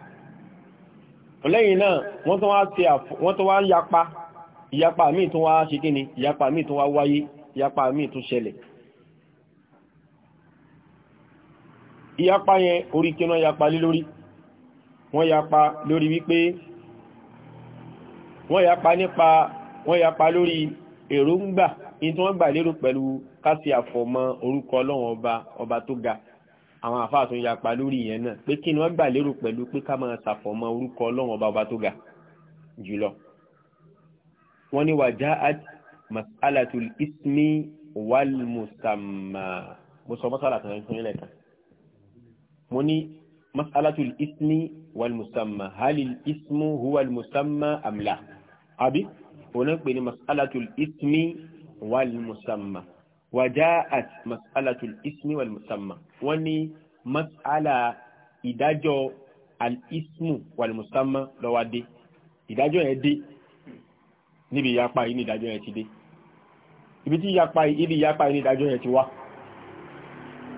lẹ́yìn náà wọ́n tún wá ṣe wọ́n tún wá yapa ìyapa míì tún wá ṣe kí ni ìyapa míì tún wá wáyé ìyapa míì tún ṣẹlẹ̀ ìyapa yẹn orí kí wọ́n yapa lé lórí wọ́n yapa lórí wípé wọ́n yapa nípa wọ́n yapa lórí èròǹgbà in tí wọ́n gbà lérò pẹ̀lú kásì àfọ̀mọ́ orúkọ ọlọ́run ọba ọba tó ga àwọn àfáà tó ń yapa lórí ìyẹn náà pé kí ni wọ́n gbà lérò pẹ̀lú pé ká máa ṣàfọ̀mọ́ orúkọ ọlọ́run ọba ọba tó ga jùlọ. wọ́n ní wàjá at masalatul ismi wal musamma mo sọ masala kan fún ilẹ̀ kan mo ní masalatul ismi wal musamma halil ismu huwal musamma amla àbí òun náà pè ní masalatul ismi wal musamma wàjáàt masalatul ismi wal musamma wọ́n ní masala ìdájọ́ al ismu wal musamma lọ́wọ́ dé ìdájọ́ yẹn dé níbi ìyapa yìí ní ìdájọ́ yẹn ti dé ibi tí ìyapa yìí ibi ìyapa yìí ní ìdájọ́ yẹn ti wá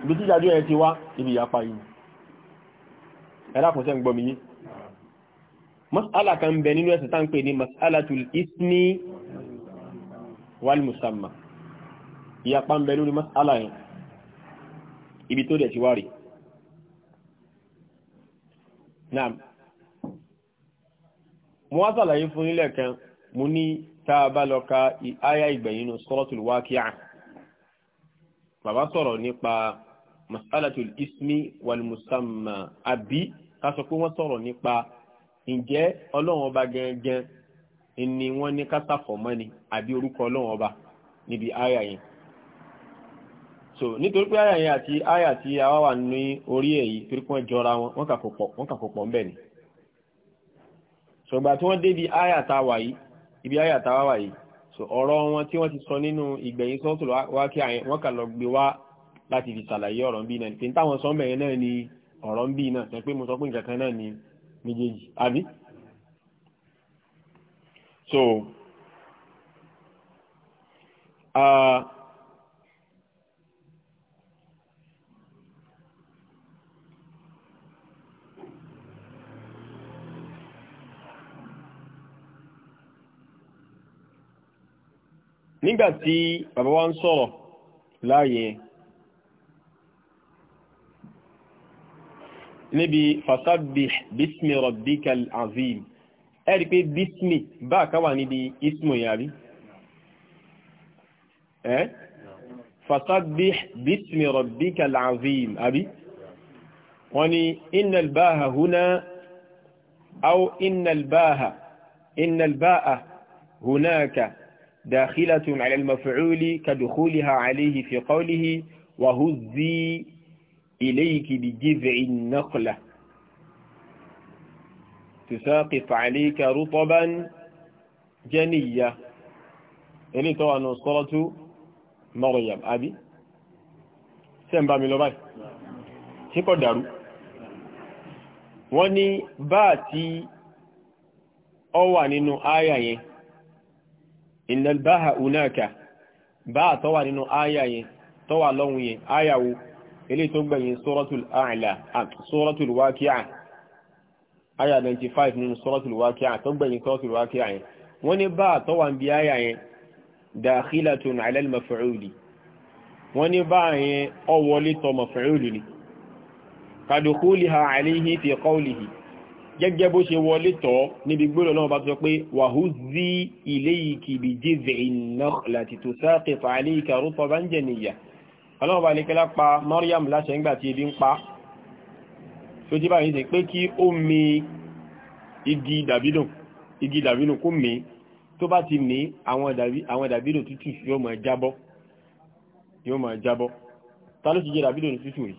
ibi tí ìdájọ́ yẹn ti wá ibi ìyapa yìí ẹlákùnsẹ́ ń gbọ́ mi yí masala kan bẹ nínú ẹ̀sìn tá ń pè ní ismi wal musamma ìyapa ń bẹ lórí mas'ala yẹn ibi tó dẹ̀ ti wá rí náà mo wá sàlàyé fún nílẹ̀ kan mo ní tá a bá lọ ka àyà ìgbẹ̀yìn nù suratul waqi'ah bàbá sọ̀rọ̀ nípa mas'alatul ismi wal musamma àbí ká sọ pé wọ́n sọ̀rọ̀ nípa ǹjẹ́ ọlọ́run ọba gangan ni wọ́n ní ká sàfọ̀mọ́ ni àbí orúkọ ọlọ́run ọba níbi àyà yẹn so nítorí pé àyà yẹn àti àyà tí a wá wà ní orí èyí torí pé wọ́n jọra wọn wọ́n kàkó pọ̀ wọ́n kàkó pọ̀ ńbẹ̀ ni ṣùgbà tí wọ́n débi àyà tá wà yìí ibi àyà tá wà yìí so ọ̀rọ̀ wọn tí wọ́n ti sọ nínú ìgbẹ̀yìn sọ́ọ̀tù wá kí àyẹn wọ́n kà lọ gbé wá láti fi ṣàlàyé ọ̀rọ̀ ń bí náà nítorí táwọn sọ́ọ̀mẹ̀ yẹn náà ni ọ̀rọ̀ ń bí náà sọ pé mo sọ pé nǹkan kan náà ni méjèèjì àbí so uh, nígbàtí bàbá wa ń sọ̀rọ̀ láàyè níbi fasabbih bísmi rabbikal azim ẹ̀rí pé bísmi bá káwà níbi ismu yàrí ẹ́ fasabbih bísmi rabbikal azim àbí wọ́n ni innal báha húnà au innal báha innal báha hunaka داخلة على المفعول كدخولها عليه في قوله وهزي إليك بجذع النقلة تساقف عليك رطبا جنية إلي توا نصرة مريم أبي سنبا ملوباي شكو دارو wọ́n ní báà tí innal baha unaka bá àtọ́wà nínú áyà yẹn tọ́wà lọ́hùn yẹn áyà wo eléyìí tó gbẹ̀yìn suratul a'la ah, suratul waqi'a áyà 95 nínú suratul waqi'a tó gbẹ̀yìn suratul waqi'a yẹn wọ́n ní bá àtọ́wà ń bi áyà yẹn dakhilatun 'ala al-maf'uli wọ́n ní bá yẹn ọwọ́lé tọ maf'uli ni kadukhuliha alayhi fi qawlihi gẹ́gẹ́ bó ṣe wọlé tọ́ níbi gbọ́dọ̀ náà bá sọ pé wàhúzí ilayki bi jiz'in nakhlati tusaqit alayka rutban janiyya ọlọ́run bá nìkẹ́lá pa Maryam láṣẹ ńgbà tí ebi ń pa tó jí báyìí sí pé kí ó mi igi dàbídùn igi dàbídùn kó mi tó bá ti mi àwọn dàbídùn tútù yóò máa jábọ́ yóò máa jábọ́ ta ló ti jẹ dàbídùn tútù rí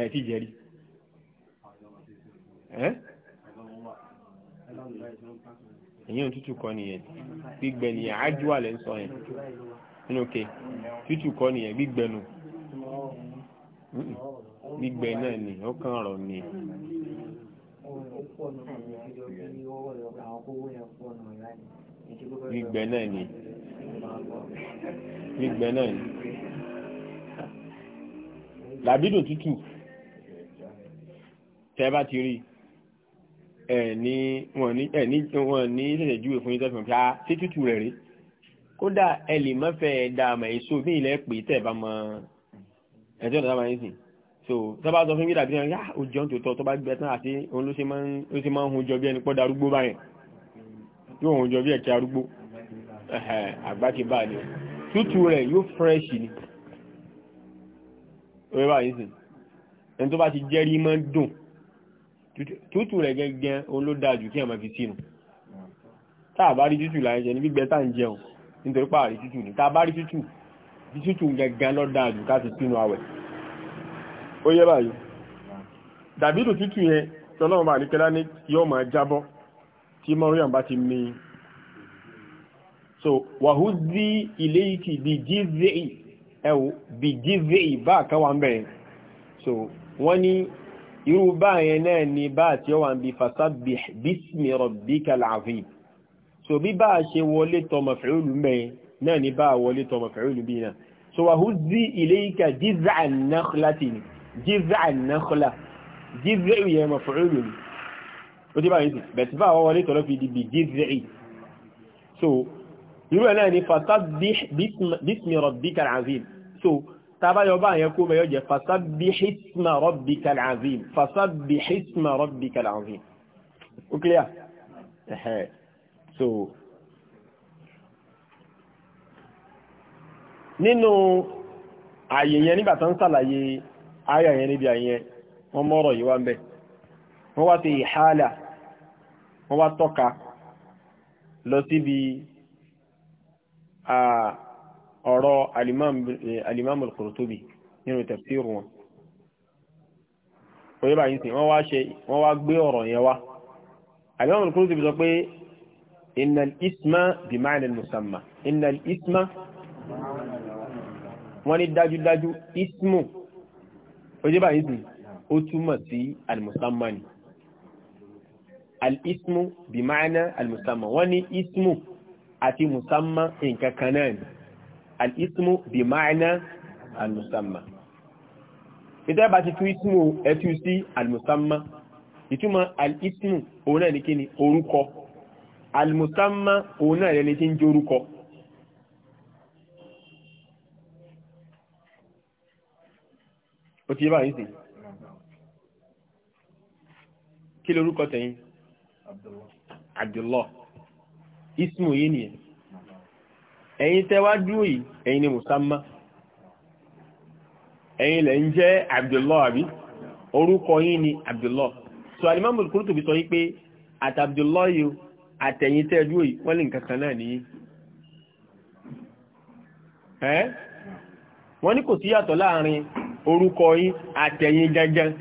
ẹ̀ tí jẹ rí ẹ́ ẹ̀yìn òtútù kọ́ nìyẹn gbígbẹ nìyẹn ájúwà lẹ́ ń sọ yẹn nínú òkè tútù kọ́ nìyẹn gbígbẹ nù gbígbẹ náà ni ó kàn rọ̀ ni. gbígbẹ náà ni gbígbẹ náà ni làbídùn tútù tẹ́ bá ti rí i ẹ̀ní wọn ní ṣẹ̀ṣẹ̀ júwe fún yíṣẹ́ fún yá sí ah, tútù rẹ̀ rí kódà ẹlì mọ́fẹ́ dàmà èso bí ilẹ̀ pè tẹ̀ bá mọ ẹ̀jọ́ ìdájọ́ máa ń sìn so sábà sọ fún yíṣẹ́ àbí yá òjò ń tòótọ́ tó bá gbẹ tán àti òun ló ṣe máa ń hun jọ bí ẹni pọ́ darúgbó báyẹn yóò hun jọ bí ẹ̀kẹ́ arúgbó àgbá ti bá ni tútù rẹ̀ yóò fresh ni ó yẹ báyìí sìn ẹni tó bá ti jẹ́rí máa ń dùn tútù rẹ̀ gẹ́gẹ́ òun ló dáa jù kí ẹ̀mọ̀ fi sínú táà bá rí tútù láyé jẹ ní gbígbẹ́ tá ń jẹun nítorí pààrí tútù ní táà bá rí tútù tútù gẹ́gẹ́ lọ dáa jù ká ti sínú àwẹ̀ ó yẹ báyìí dàbídù tútù yẹn tọ́lọ́run bá àríkẹ́lá ní yóò máa jábọ́ tí mọ́ríyàn bá ti mi so wàhúzí ilé ìkì bí jíze ẹ̀wò bí jíze ìbá àkáwà ń bẹ̀rẹ̀ so wọ́n ní irú báyẹn náà ni bá àti ọwà ń bi fasabbih bismi rabbikal azim so bí bá a ṣe wọlé tọ maf'ul mẹ́ náà ni bá wọlé tọ maf'ul bí náà so wa huzzi ilayka jiz'an nakhlati ni jiz'an nakhla jiz'u yẹ maf'ul ni ó ti báyìí sí bẹ̀tí bá wọlé tọ́lọ́ fi di bi jiz'i so irú ẹ̀ náà ni fasabbih bismi rabbikal azim so tabayọ bá yẹn kó mẹ́yọ jẹ fasabihisma rabbikal azim fasabihisma rabbikal azim ó clear ẹ̀hẹ́ so nínú ààyè yẹn nígbà tó ń sàlàyé ayà yẹn níbi àyẹn wọ́n mọ́rọ̀ yìí ń bẹ̀ wọ́n wá ti ìhálà wọ́n wá tọ́ka lọ síbi àà ọ̀rọ̀ alimami eh, al-Qurtubi nínú tafsir wọn oye báyìí sìn wọ́n wá ṣe wọ́n wá gbé ọ̀rọ̀ yẹn wá alimami al-Qurtubi sọ pé innal isma bi ma'na musamma innal isma wọ́n ní dájúdájú ismu oye báyìí sìn ó túmọ̀ sí al ni al bi ma'na al wọ́n ní ismu àti musamma nǹkan kan náà ni al-ismu bi ma'na al-musamma ìtẹ́ bá ti tú ismu ẹtú sí al-musamma ìtumọ̀ al-ismu òun náà ní kí ni orúkọ al-musamma òun ti yé báyìí kí lorúkọ tẹ̀yìn Abdullah ismu yìí nìyẹn ẹ̀yin tẹ́wájú yìí ẹ̀yin ni musamman ẹ̀yin lẹ̀ ń jẹ́ Abdullah àbí orúkọ yín ni Abdullah so alimami Qurtubi sọ yìí pé àti Abdullah yìí àtẹ̀yin tẹ́jú yìí wọ́n lè nǹkan kan náà nìyí ẹ́ wọ́n ní kò sí yàtọ̀ láàrin orúkọ yín àtẹ̀yin gangan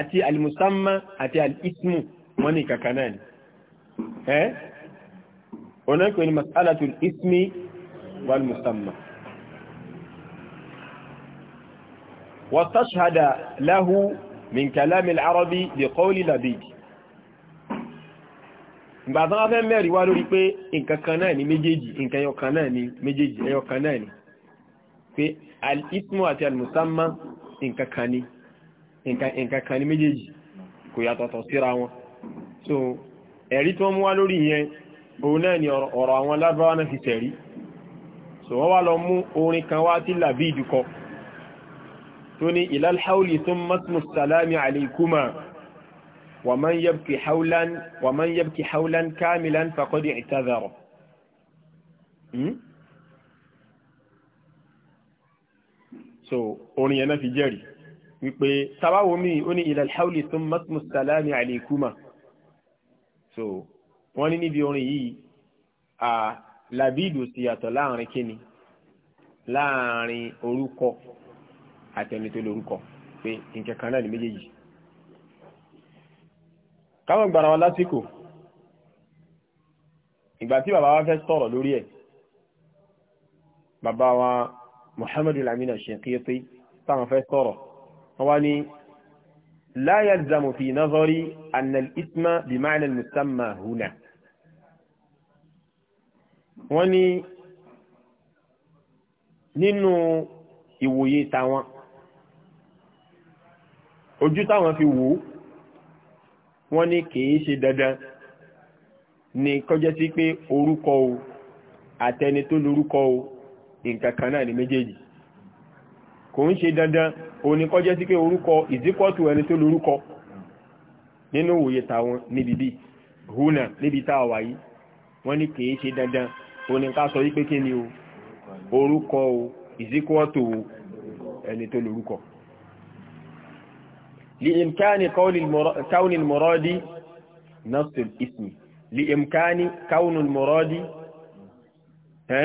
àti alimusamman àti alismu wọ́n ní nǹkan náà ni ẹ́ ọ̀nà ìpè ní masalatul ismi wal musamma واستشهد له من كلام العربي بقول لبيد ìgbà tán fẹ́ mẹ́rin wá lórí pé nǹkan kan náà ni méjèèjì nǹkan ẹyọ kan náà ni méjèèjì ẹyọ kan náà ni pé al-ismu àti al-musamma nǹkan ni nǹkan ni méjèèjì kò yàtọ̀tọ̀ síra wọn so ẹ̀rí tó mú wá lórí yẹn òun náà ni ọ̀rọ̀ àwọn lábáwá náà fi tẹ̀rí so wọ́n wá lọ mú orin kan wá tí làbídì kọ tó ní ilal hauli thumma salami alaykuma wa man yabki hawlan wa man kamilan faqad i'tazara hmm? so orin yẹn náà fi jẹ́rìí wípé tabawo ó ní ilal hauli thumma salami alaykuma so wọ́n ní níbi orin yìí à làbídù sì yàtọ̀ láàrin kíni láàrin orúkọ àti ẹni tó lórúkọ pé nǹkan kan náà ní méjèèjì káwọn gbàrà wọn lásìkò ìgbà tí bàbá wa fẹ́ sọ̀rọ̀ lórí ẹ̀ bàbá wa muhammadu lamina ṣèkíyẹ́tì táwọn fẹ́ sọ̀rọ̀ wọ́n wá ní la yalzamu fi nazari isma bi ma'na huna wọ́n ní nínú ìwòye tàwọn ojú táwọn fi wò wọ́n ní kìí ṣe dandan ní kọjá sí pé orúkọ o àtẹni tó lórúkọ o nǹkan kan náà ní méjèèjì kò ń ṣe dandan o ni kọjá sí pé orúkọ ìdíkọ̀tù ẹni tó lórúkọ nínú ìwòye tàwọn níbi bíi húnà níbi tá a wọ́n ní kìí ṣe dandan ó ní ká sọ wípé kí ni o orúkọ o ìzíkọ́tò o ẹni tó lórúkọ لإمكان قول المرا... كون المراد نص الاسم لإمكان كون المراد ها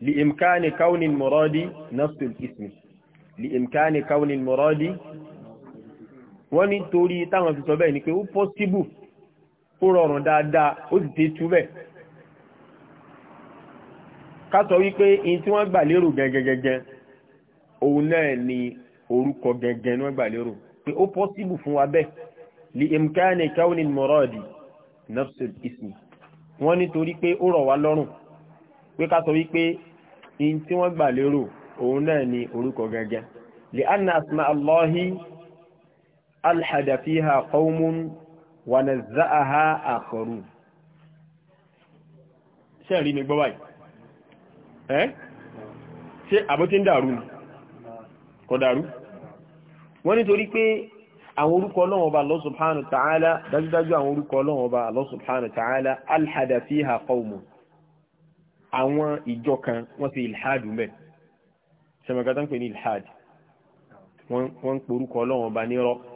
لإمكان كون المراد نص الاسم لإمكان كون المراد wọ́n ní torí táwọn fi sọ bẹ́ẹ̀ ni pé ó pọ́síbù ó rọrùn dáadáa ó sì ti túbẹ̀ ká sọ wípé in tí wọ́n gbà lérò gẹ́gẹ́gẹ́gẹ́ ni orúkọ gẹ́gẹ́ ni wọ́n gbà lérò pé ó pọ́síbù fún wa bẹ́ẹ̀ li imkani kauni muradi nafsul ismi wọ́n nítorí pé ó rọ̀ wá lọ́rùn pé ká sọ wípé in tí wọ́n gbà lérò òun náà ni orúkọ gẹ́gẹ́ anna wànàzáàhá àkọrù ṣe rí mi gbọ́ báyìí ẹ́ ṣe àbótí ń dàrú kò dàrú wọ́n nítorí pé àwọn orúkọ ọlọ́wọ́ bá Allah subhanahu wa ta'ala dájúdájú àwọn orúkọ ọlọ́wọ́ bá Allah subhanahu wa ta'ala alhada fiha àwọn ìjọ kan wọ́n fi ilhadu mẹ́ ṣe pè ní ilhad wọ́n ń porúkọ ọlọ́wọ́ nírọ́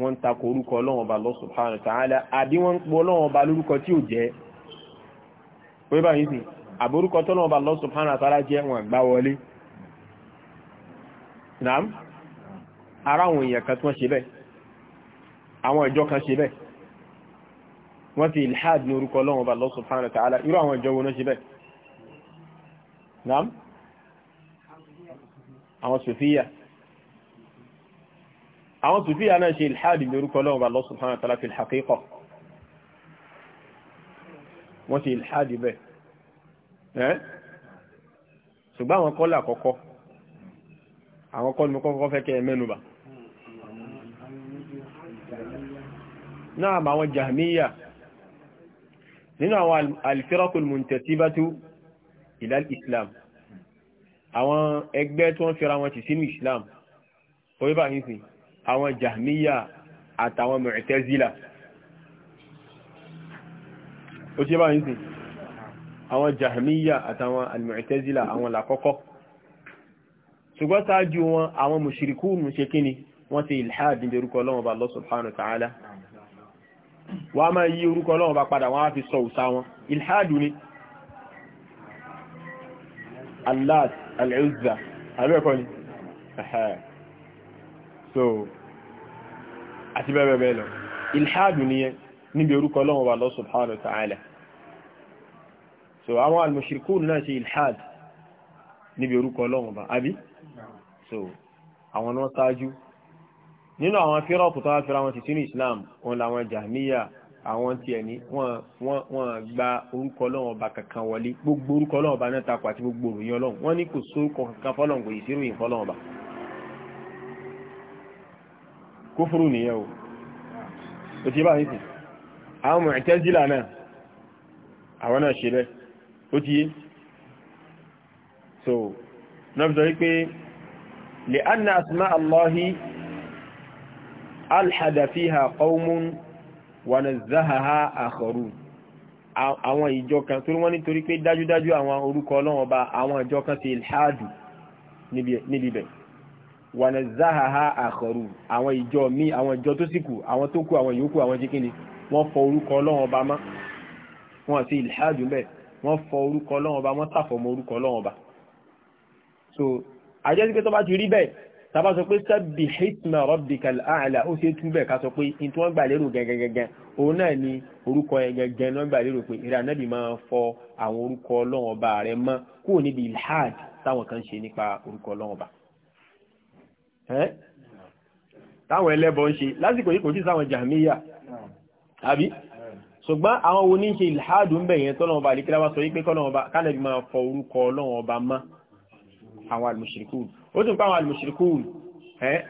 wọ́n ń takò orúkọ ọlọ́run ọba lọ subhanahu wa ta'ala àbí wọ́n ń pọ ọlọ́run ọba lórúkọ tí ò jẹ́ pé báyìí sì àbórúkọ tọ́lọ́run ọba lọ subhanahu wa ta'ala jẹ́ wọn àgbá wọlé naam ara àwọn èèyàn kan tí wọ́n ṣe bẹ́ẹ̀ àwọn ìjọ kan ṣe bẹ́ẹ̀ wọ́n ti ilhad ní orúkọ ọlọ́run ọba Allah subhanahu wa ta'ala irú àwọn ìjọ wọn ṣe àwọn sùfíà náà ṣe ìlhádì lórúkọ lọ́wọ́ Allah subhanahu wa ta'ala fil haqiqa wọ́n ṣe ìlhádì bẹ́ẹ̀ ṣùgbọ́n àwọn kọ́lá àkọ́kọ́ àwọn kọ́lù kọ́kọ́ fẹ́ kẹ́ mẹ́nubà náà àwọn jahmiya nínú àwọn alfirakul muntasibatu ilal islam àwọn ẹgbẹ́ tó ń fira wọn ti sínú islam orí bá yìí sìn àwọn jahmiya àtàwọn mu'tazila ó tí bá ń sí àwọn jahmiya àtàwọn al-mu'tazila àwọn làkọ́kọ́ ṣùgbọ́n sáájú wọn àwọn mushrikun ṣe kíni wọ́n ti ilhad ní orúkọ Ọlọ́run bá Allah subhanahu wa ta'ala so àti bẹ́ẹ̀ bẹ́ẹ̀ lọ ilhadu nìyẹn níbi orúkọ Ọlọ́run wa Allah subhanahu wa so àwọn al-mushrikun náà ṣe ilhad níbi orúkọ Ọlọ́run bá àbí so àwọn náà ṣáájú nínú àwọn fírọ̀kù tó wá fẹ́ra wọn ti sínú Islam wọn làwọn jahmiya àwọn tí ẹni wọ́n wọ́n gba orúkọ Ọlọ́run ọba kankan wọlé gbogbo orúkọ Ọlọ́run ọba náà takò àti gbogbo òròyìn Ọlọ́run wọ́n ní kò sórúkọ kankan fọ́lọ́run kò yìí síròyìn fọ́lọ́run ọba kúfúrú nìyẹn o ó ti bá ní sí àwọn Mu'tazila náà àwọn náà ṣe bẹ́ẹ̀ ó ti yé so náà fi sọ wípé lè anna asma allahi alhada fiha qawmun wa nazzahaha akharun àwọn ìjọ kan torí wọ́n nítorí pé dájúdájú àwọn orúkọ ọlọ́wọ́n bá àwọn ìjọ kan ti níbi bẹ̀ wànàzáhàhà àkọrù àwọn ìjọ mi àwọn ìjọ tó sì kù àwọn tó kù àwọn yòókù àwọn jíkìnì wọ́n fọ orúkọ ọlọ́run ọba mọ́ wọ́n àti ìlhàdù mẹ́ wọ́n fọ orúkọ ọlọ́run ọba wọ́n tàfọ̀mọ́ orúkọ ọlọ́run ọba so àjẹ́sí pé tó bá ti rí bẹ́ẹ̀ tàbá sọ pé sábì hìtìmà rabbikal a'la ó ṣe túbẹ̀ ká sọ pé in tí wọ́n gbà lérò gẹ́gẹ́gẹ́gẹ́ òun náà ni orúkọ ẹgẹ́gẹ́ náà gbà lérò pé eré anábì máa fọ àwọn orúkọ ọlọ́run ọba rẹ̀ mọ́ kúrò níbi ilhad táwọn kan ṣe nípa orúkọ ọlọ́run ọba táwọn ẹlẹ́bọ ń ṣe lásìkò yìí kò tí sáwọn jàmíyà àbí ṣùgbọ́n àwọn wo ní ṣe ìlhádù ń bẹ̀yẹn tọ́lọ́wọ́ bá àdíkíláwà sọ wípé kánàbí máa fọ orúkọ ọlọ́wọ́ ọba má àwọn alìmùsìrìkúùn ó tún pa àwọn alìmùsìrìkúùn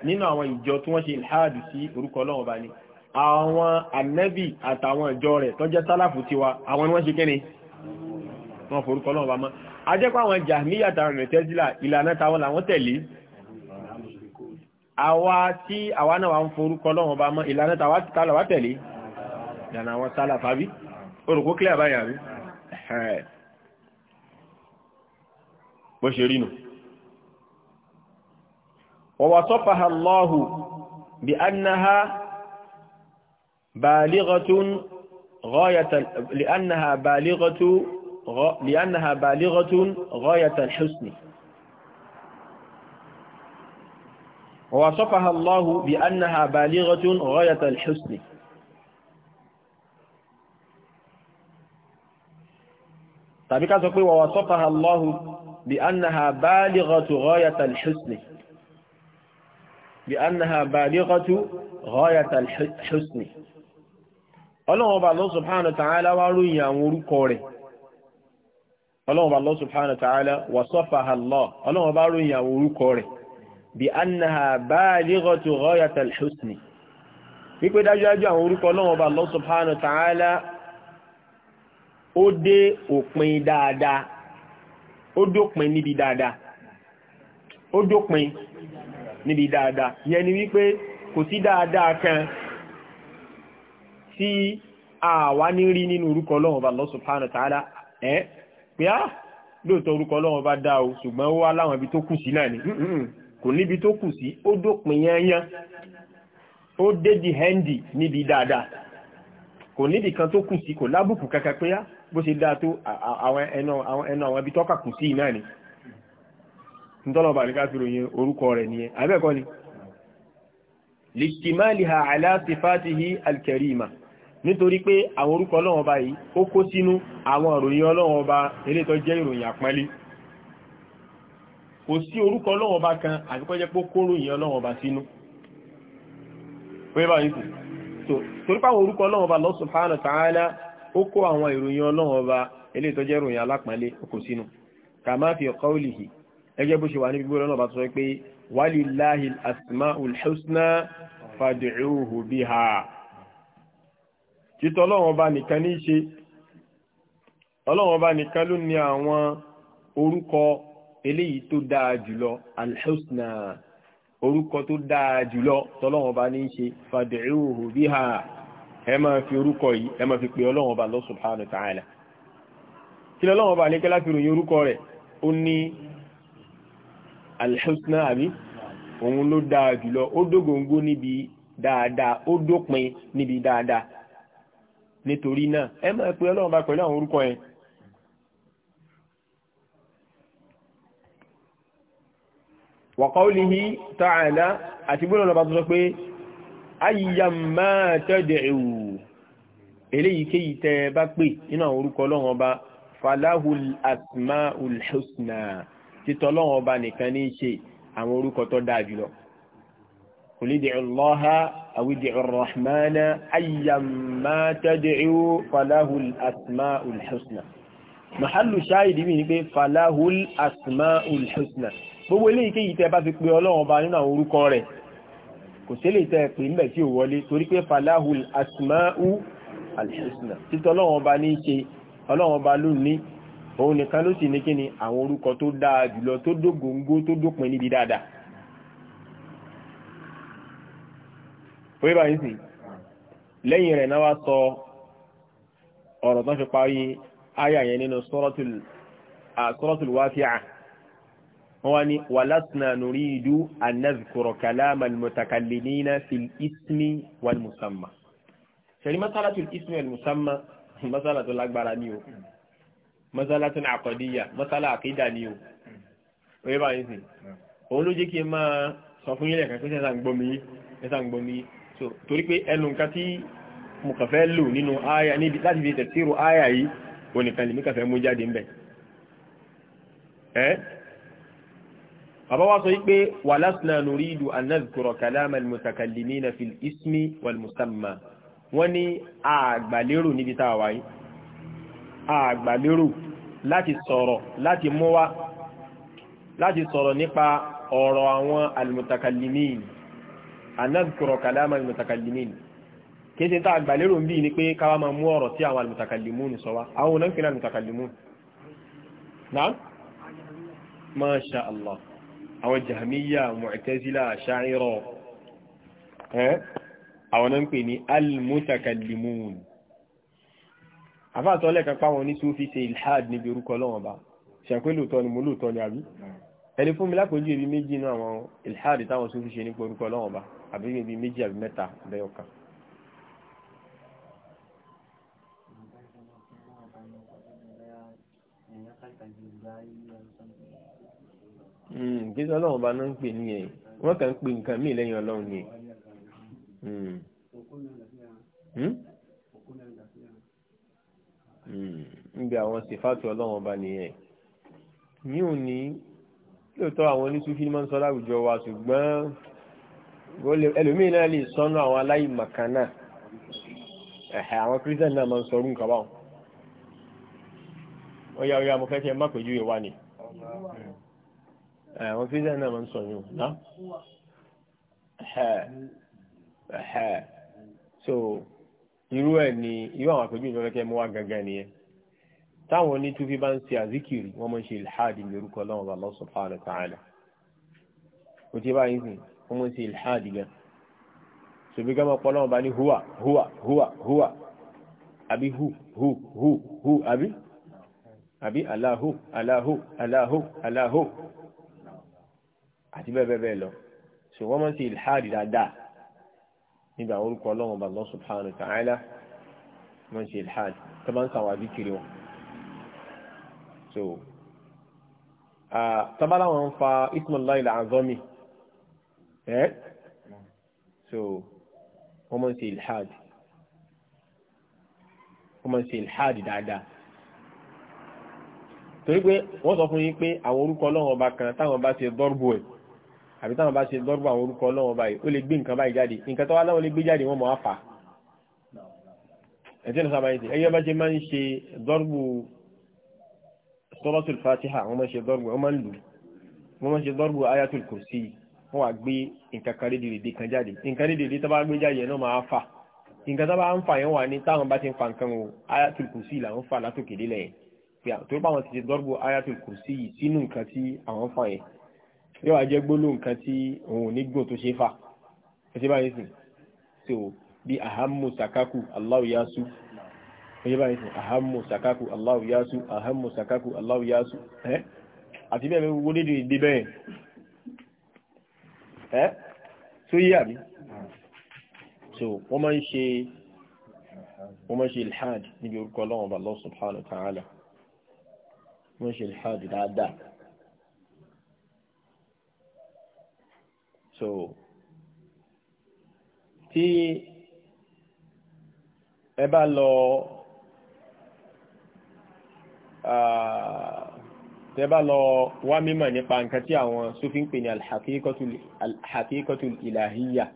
nínú àwọn ìjọ tí wọ́n ṣe ìlhádù sí orúkọ ọlọ́wọ́ bá ní àwọn ànábì àtàwọn ìjọ rẹ̀ tó jẹ́ sálàfù tiwa àwọn ni wọ́n ṣe kíni wọ́n àwa tí àwa náà wà ń forúkọ lọ́wọ́n bá mọ́ ìlànà tàwa tààlà wá tẹ̀lé ìlànà àwọn sálà fàbí orùkú kílẹ̀ àbáyà rí bó ṣe rí nù wọ̀wọ̀ sọ́fàá lọ́hù bí annaha bàálígọ́tún rọ́yàtàn husni ووصفها الله بأنها بالغة غاية الحسن tàbí ká sọ pé wa wasafaha Allahu bí annaha balighatu ghayatal husni bí annaha balighatu ghayatal husni Ọlọ́hun Ọba Allah subhanahu wa ta'ala wá ròyìn àwọn orúkọ rẹ̀ Ọlọ́hun Ọba Allah subhanahu wa ta'ala wasafaha Allah Ọlọ́hun Ọba ròyìn àwọn orúkọ rẹ̀ bí annaha balighatu ghayatal husni wípé dájúdájú àwọn orúkọ ọlọ́wọ́n ọba Allah subhanahu wa ta'ala ó dé òpin dáadáa ó dópin níbi dáadáa ó dópin níbi dáadáa yẹn ni wípé kò sí dáadáa kan tí àwa ní rí nínú orúkọ ọlọ́wọ́n ọba Allah subhanahu wa ta'ala pé á ah, lóòótọ́ orúkọ ọlọ́wọ́n ọba dá o ṣùgbọ́n ó wá láwọn ibi tó kù sí náà ni kò níbi tó kù sí ó dópin yányán ó dédi hẹ́ndì níbi dáadáa kò níbi kan tó kù sí kò lábùkù kankan pé ah, bó ṣe dáa tó àwọn ẹnu àwọn ibi tọ́ka kù sí náà ni ntọ́lọ́ba ní káfíìrò yẹn orúkọ rẹ̀ nìyẹn abẹ́ẹ̀kọ́ ni lìtìmáàlìhà aláṣifáàtìhì alkẹrìmà nítorí pé àwọn orúkọ ọlọ́wọ́n ọba yìí ó kó sínú àwọn ìròyìn ọlọ́wọ́n ọba elétọ́ jẹ́ ìròyìn àpọ́nlé kò sí orúkọ ọlọ́run ọba kan àti kó jẹ́ pé kóró yìí ọlọ́run ọba sínú wíwá yìí so torí pàwọn orúkọ ọlọ́run ọba Allah subhanahu wa ta'ala ó kó àwọn ìròyìn ọlọ́run ọba eléyìí tó jẹ́ ìròyìn alápọ̀nlé kò sínú kama fi qawlihi ẹgbẹ́ bó ṣe wà orúkọ eléyìí tó dáa jùlọ alhusna orúkọ tó dáa jùlọ tọ́lọ́wọ́n bá ní í ṣe fad'uhu biha ẹ máa fi orúkọ yìí ẹ máa fi pè ọlọ́wọ́n bá Allah subhanahu wa ta'ala kí lọ́wọ́n bá ní kí láti ròyìn orúkọ rẹ̀ ó ní alhusna àbí òun ló dáa jùlọ ó dógóńgó níbi dáadáa ó dópin níbi dáadáa nítorí náà ẹ máa pè ọlọ́wọ́n bá pẹ̀lú àwọn orúkọ yẹn wa qawlihi ta'ala àti gbọ́nà lọ́ba tó sọ pé ayyamma tad'u eléyìí kéyìí tẹ́ bá pè nínú àwọn orúkọ ọlọ́run ọba falahul asmaul husna títọ́ ọlọ́run ọba nìkan ní ṣe àwọn orúkọ tó dáa jùlọ الله أو ادعوا الرحمن أيما تدعوا فله الأسماء الحسنى محل شاهد من فله الأسماء الحسنى gbogbo eléyìí kéyìí tẹ́ bá fi pe ọlọ́run ọba nínú àwọn orúkọ rẹ̀ kò sílè tẹ́ pè ń bẹ̀ tí ò wọlé torí pé falahul asma'u alhusna títọ́ ọlọ́run ọba ní í ṣe ọlọ́run ọba ló ní òun nìkan ló sì ní kí ni àwọn orúkọ tó dáa jùlọ tó dógóńgó tó dópin níbi dáadáa pé báyìí sì lẹ́yìn rẹ̀ náà wá sọ ọ̀rọ̀ tó fi parí áyà yẹn nínú suratul Waqi'ah wọ́n wá ní wàlásùnà nùrí ìdú anazikọ̀rọ̀ kàlámà mọ̀tàkàlìní náà fi ismi wal musamma ṣẹ̀rí masalatul ismi wal musamma masalatul lágbára ni o masalatul àkọ́díyà masala àkídà ni o oye bá yín sí òun ló jẹ́ kí n sọ fún yín lẹ́ẹ̀kan pé ṣẹ́sà ń gbọ́ mi torí pé ẹnu nǹkan tí mo kàn lò nínú àyà níbi láti fi tẹ̀síru àyà yìí onìkan lèmi kàn fẹ́ mú jáde ń bẹ̀ ẹ́ bàbá wa sọ wípé wà lásìlá nuridu anazikoro kalama almutakallimina fil ismi wal musamma wọ́n ní àgbàlérò níbi tá a wáyé àgbàlérò láti sọ̀rọ̀ láti mú wá láti sọ̀rọ̀ nípa ọ̀rọ̀ àwọn almutakallimin anazikoro kalama almutakallimin kéde àwọn jahamiya mu'tazila asha'ira àwọn náà ń pè ní al-mutakallimun àfáàtọ́ lẹ́ẹ̀kan páwọn ní sufi ṣe ilhad níbi orúkọ lọ́wọ́n ba ṣàpé lóòótọ́ ni mo lóòótọ́ ni àbí ẹni fún mi lápòjú ibi méjì nínú àwọn ilhad táwọn sufi ṣe nípa orúkọ lọ́wọ́n ba àbí méjì àbí mẹ́ta lẹ́yọ̀kan Thank you. Hmm, kí sọ bá náà ń pè nìyẹn wọ́n kàn ń pè nǹkan míì lẹ́yìn ọlọ́run ni. Hmm. Hmm? níbi àwọn sèfáàtì ọlọ́run ọba nìyẹn yìí ò ní lóòótọ́ àwọn oníṣúfí máa ń sọ láwùjọ wa ṣùgbọ́n ẹlòmíín náà lè sọnù àwọn aláìmọ̀kan náà ẹ̀hẹ̀ àwọn kírísítẹ́nì náà máa ń sọrú nǹkan báwọn. ó yá mo fẹ́ kí ẹ má pèjú ìwà ni àwọn fídíà náà máa ń sọ yín ná so irú ẹ̀ ni irú àwọn àpèjú ìjọlẹ́kẹ́ mú wá gangan nìyẹn táwọn onítúfi bá ń ṣe àzíkìrì wọ́n máa ń ṣe ìlhádì lórúkọ ọlọ́run ọba Allah subhanahu wa ta'ala kò tí báyìí sìn wọ́n máa ń ṣe ìlhádì gan ṣòbí gán máa pọ́ ọlọ́run ọba ní húwà húwà húwà húwà àbí hù hù hù hù àbí àbí aláhù aláhù aláhù aláhù àti bẹ́ẹ̀ bẹ́ẹ̀ bẹ́ẹ̀ lọ ṣe wọ́n máa ń ṣe ìlhàdì dáadáa níbi àwọn orúkọ ọlọ́run ọba Allah subhanahu wa ta'ala máa ń ṣe ìlhàdì tó máa ń sàwọn àdìkiri wọn. so tábàlà wọn ń fa ismullahi al-azami ẹ so wọ́n máa ń ṣe ìlhàdì wọ́n máa ń ṣe ìlhàdì dáadáa torí pé wọ́n sọ fún yín pé àwọn orúkọ ọlọ́run ọba kan táwọn bá ṣe dọ́rbù ẹ̀ àbí táwọn bá ṣe dọ́rùbù àwọn orúkọ ọlọ́wọ́ báyìí ó lè gbé nǹkan báyìí jáde nǹkan tó wá láwọn lè gbé jáde wọ́n mọ̀ á fà ẹ̀jẹ̀ náà sábàáyé ẹ̀yẹ bá ṣe máa ń ṣe dọ́rùbù suratul fatiha wọ́n máa ń ṣe dọ́rùbù wọ́n máa ń lù wọ́n máa ń ṣe dọ́rùbù ayatul kursi wọ́n wá gbé nǹkan kan rédèrèdè kan jáde nǹkan rédèrèdè tó bá gbé jáde náà máa fà nǹkan tó bá ń fà yẹn wà ní táwọn bá ti ń fa nǹkan o ayatul kursi làwọn fà látòkèdè lẹ́yìn pé àtúrò báwọn ti ṣe dọ́rùbù ayatul kursi sínú nǹkan tí àwọn fà yẹn yóò wá jẹ́ gbólóhùn kan tí òun ò ní gbò tó ṣe fà ẹsẹ báyìí sìn so bí ahamu sakaku Allahu yasu ẹsẹ báyìí sìn ahamu sakaku Allahu yasu ahamu sakaku Allahu yasu ẹ àti bẹ́ẹ̀ bẹ́ẹ̀ wọlé dùn ìdí bẹ́ẹ̀ ẹ tó yé àbí so wọ́n máa ń ṣe wọ́n máa ń ṣe ilhad níbi orúkọ ọlọ́run ọba Allah subhanahu wa ta'ala wọ́n máa ń ṣe ilhad dáadáa. so tí ẹ bá lọ tẹ bá lọ wá mímọ̀ nípa nǹkan tí àwọn Sufi ń pè ní alhakikotul ilahiyya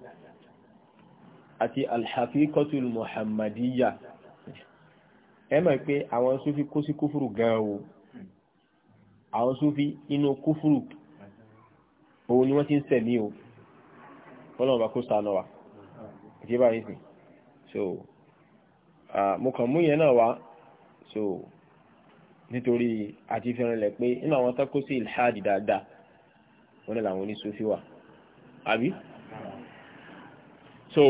àti alhakikotul muhammadiyya ẹ mọ̀ pé àwọn Sufi kó sí kúfùrù gan o àwọn Sufi inú kúfùrù òun ni wọ́n ti ń sẹ̀mí o ọlọ́run bá kó sànà wa ìdí bá yìí so mo kàn mú yẹn náà wá so nítorí àti fẹ́rẹ̀lẹ̀ pé nínú àwọn tó kó sí ìlhádì dáadáa wọ́n ní làwọn oníṣòfì wà àbí so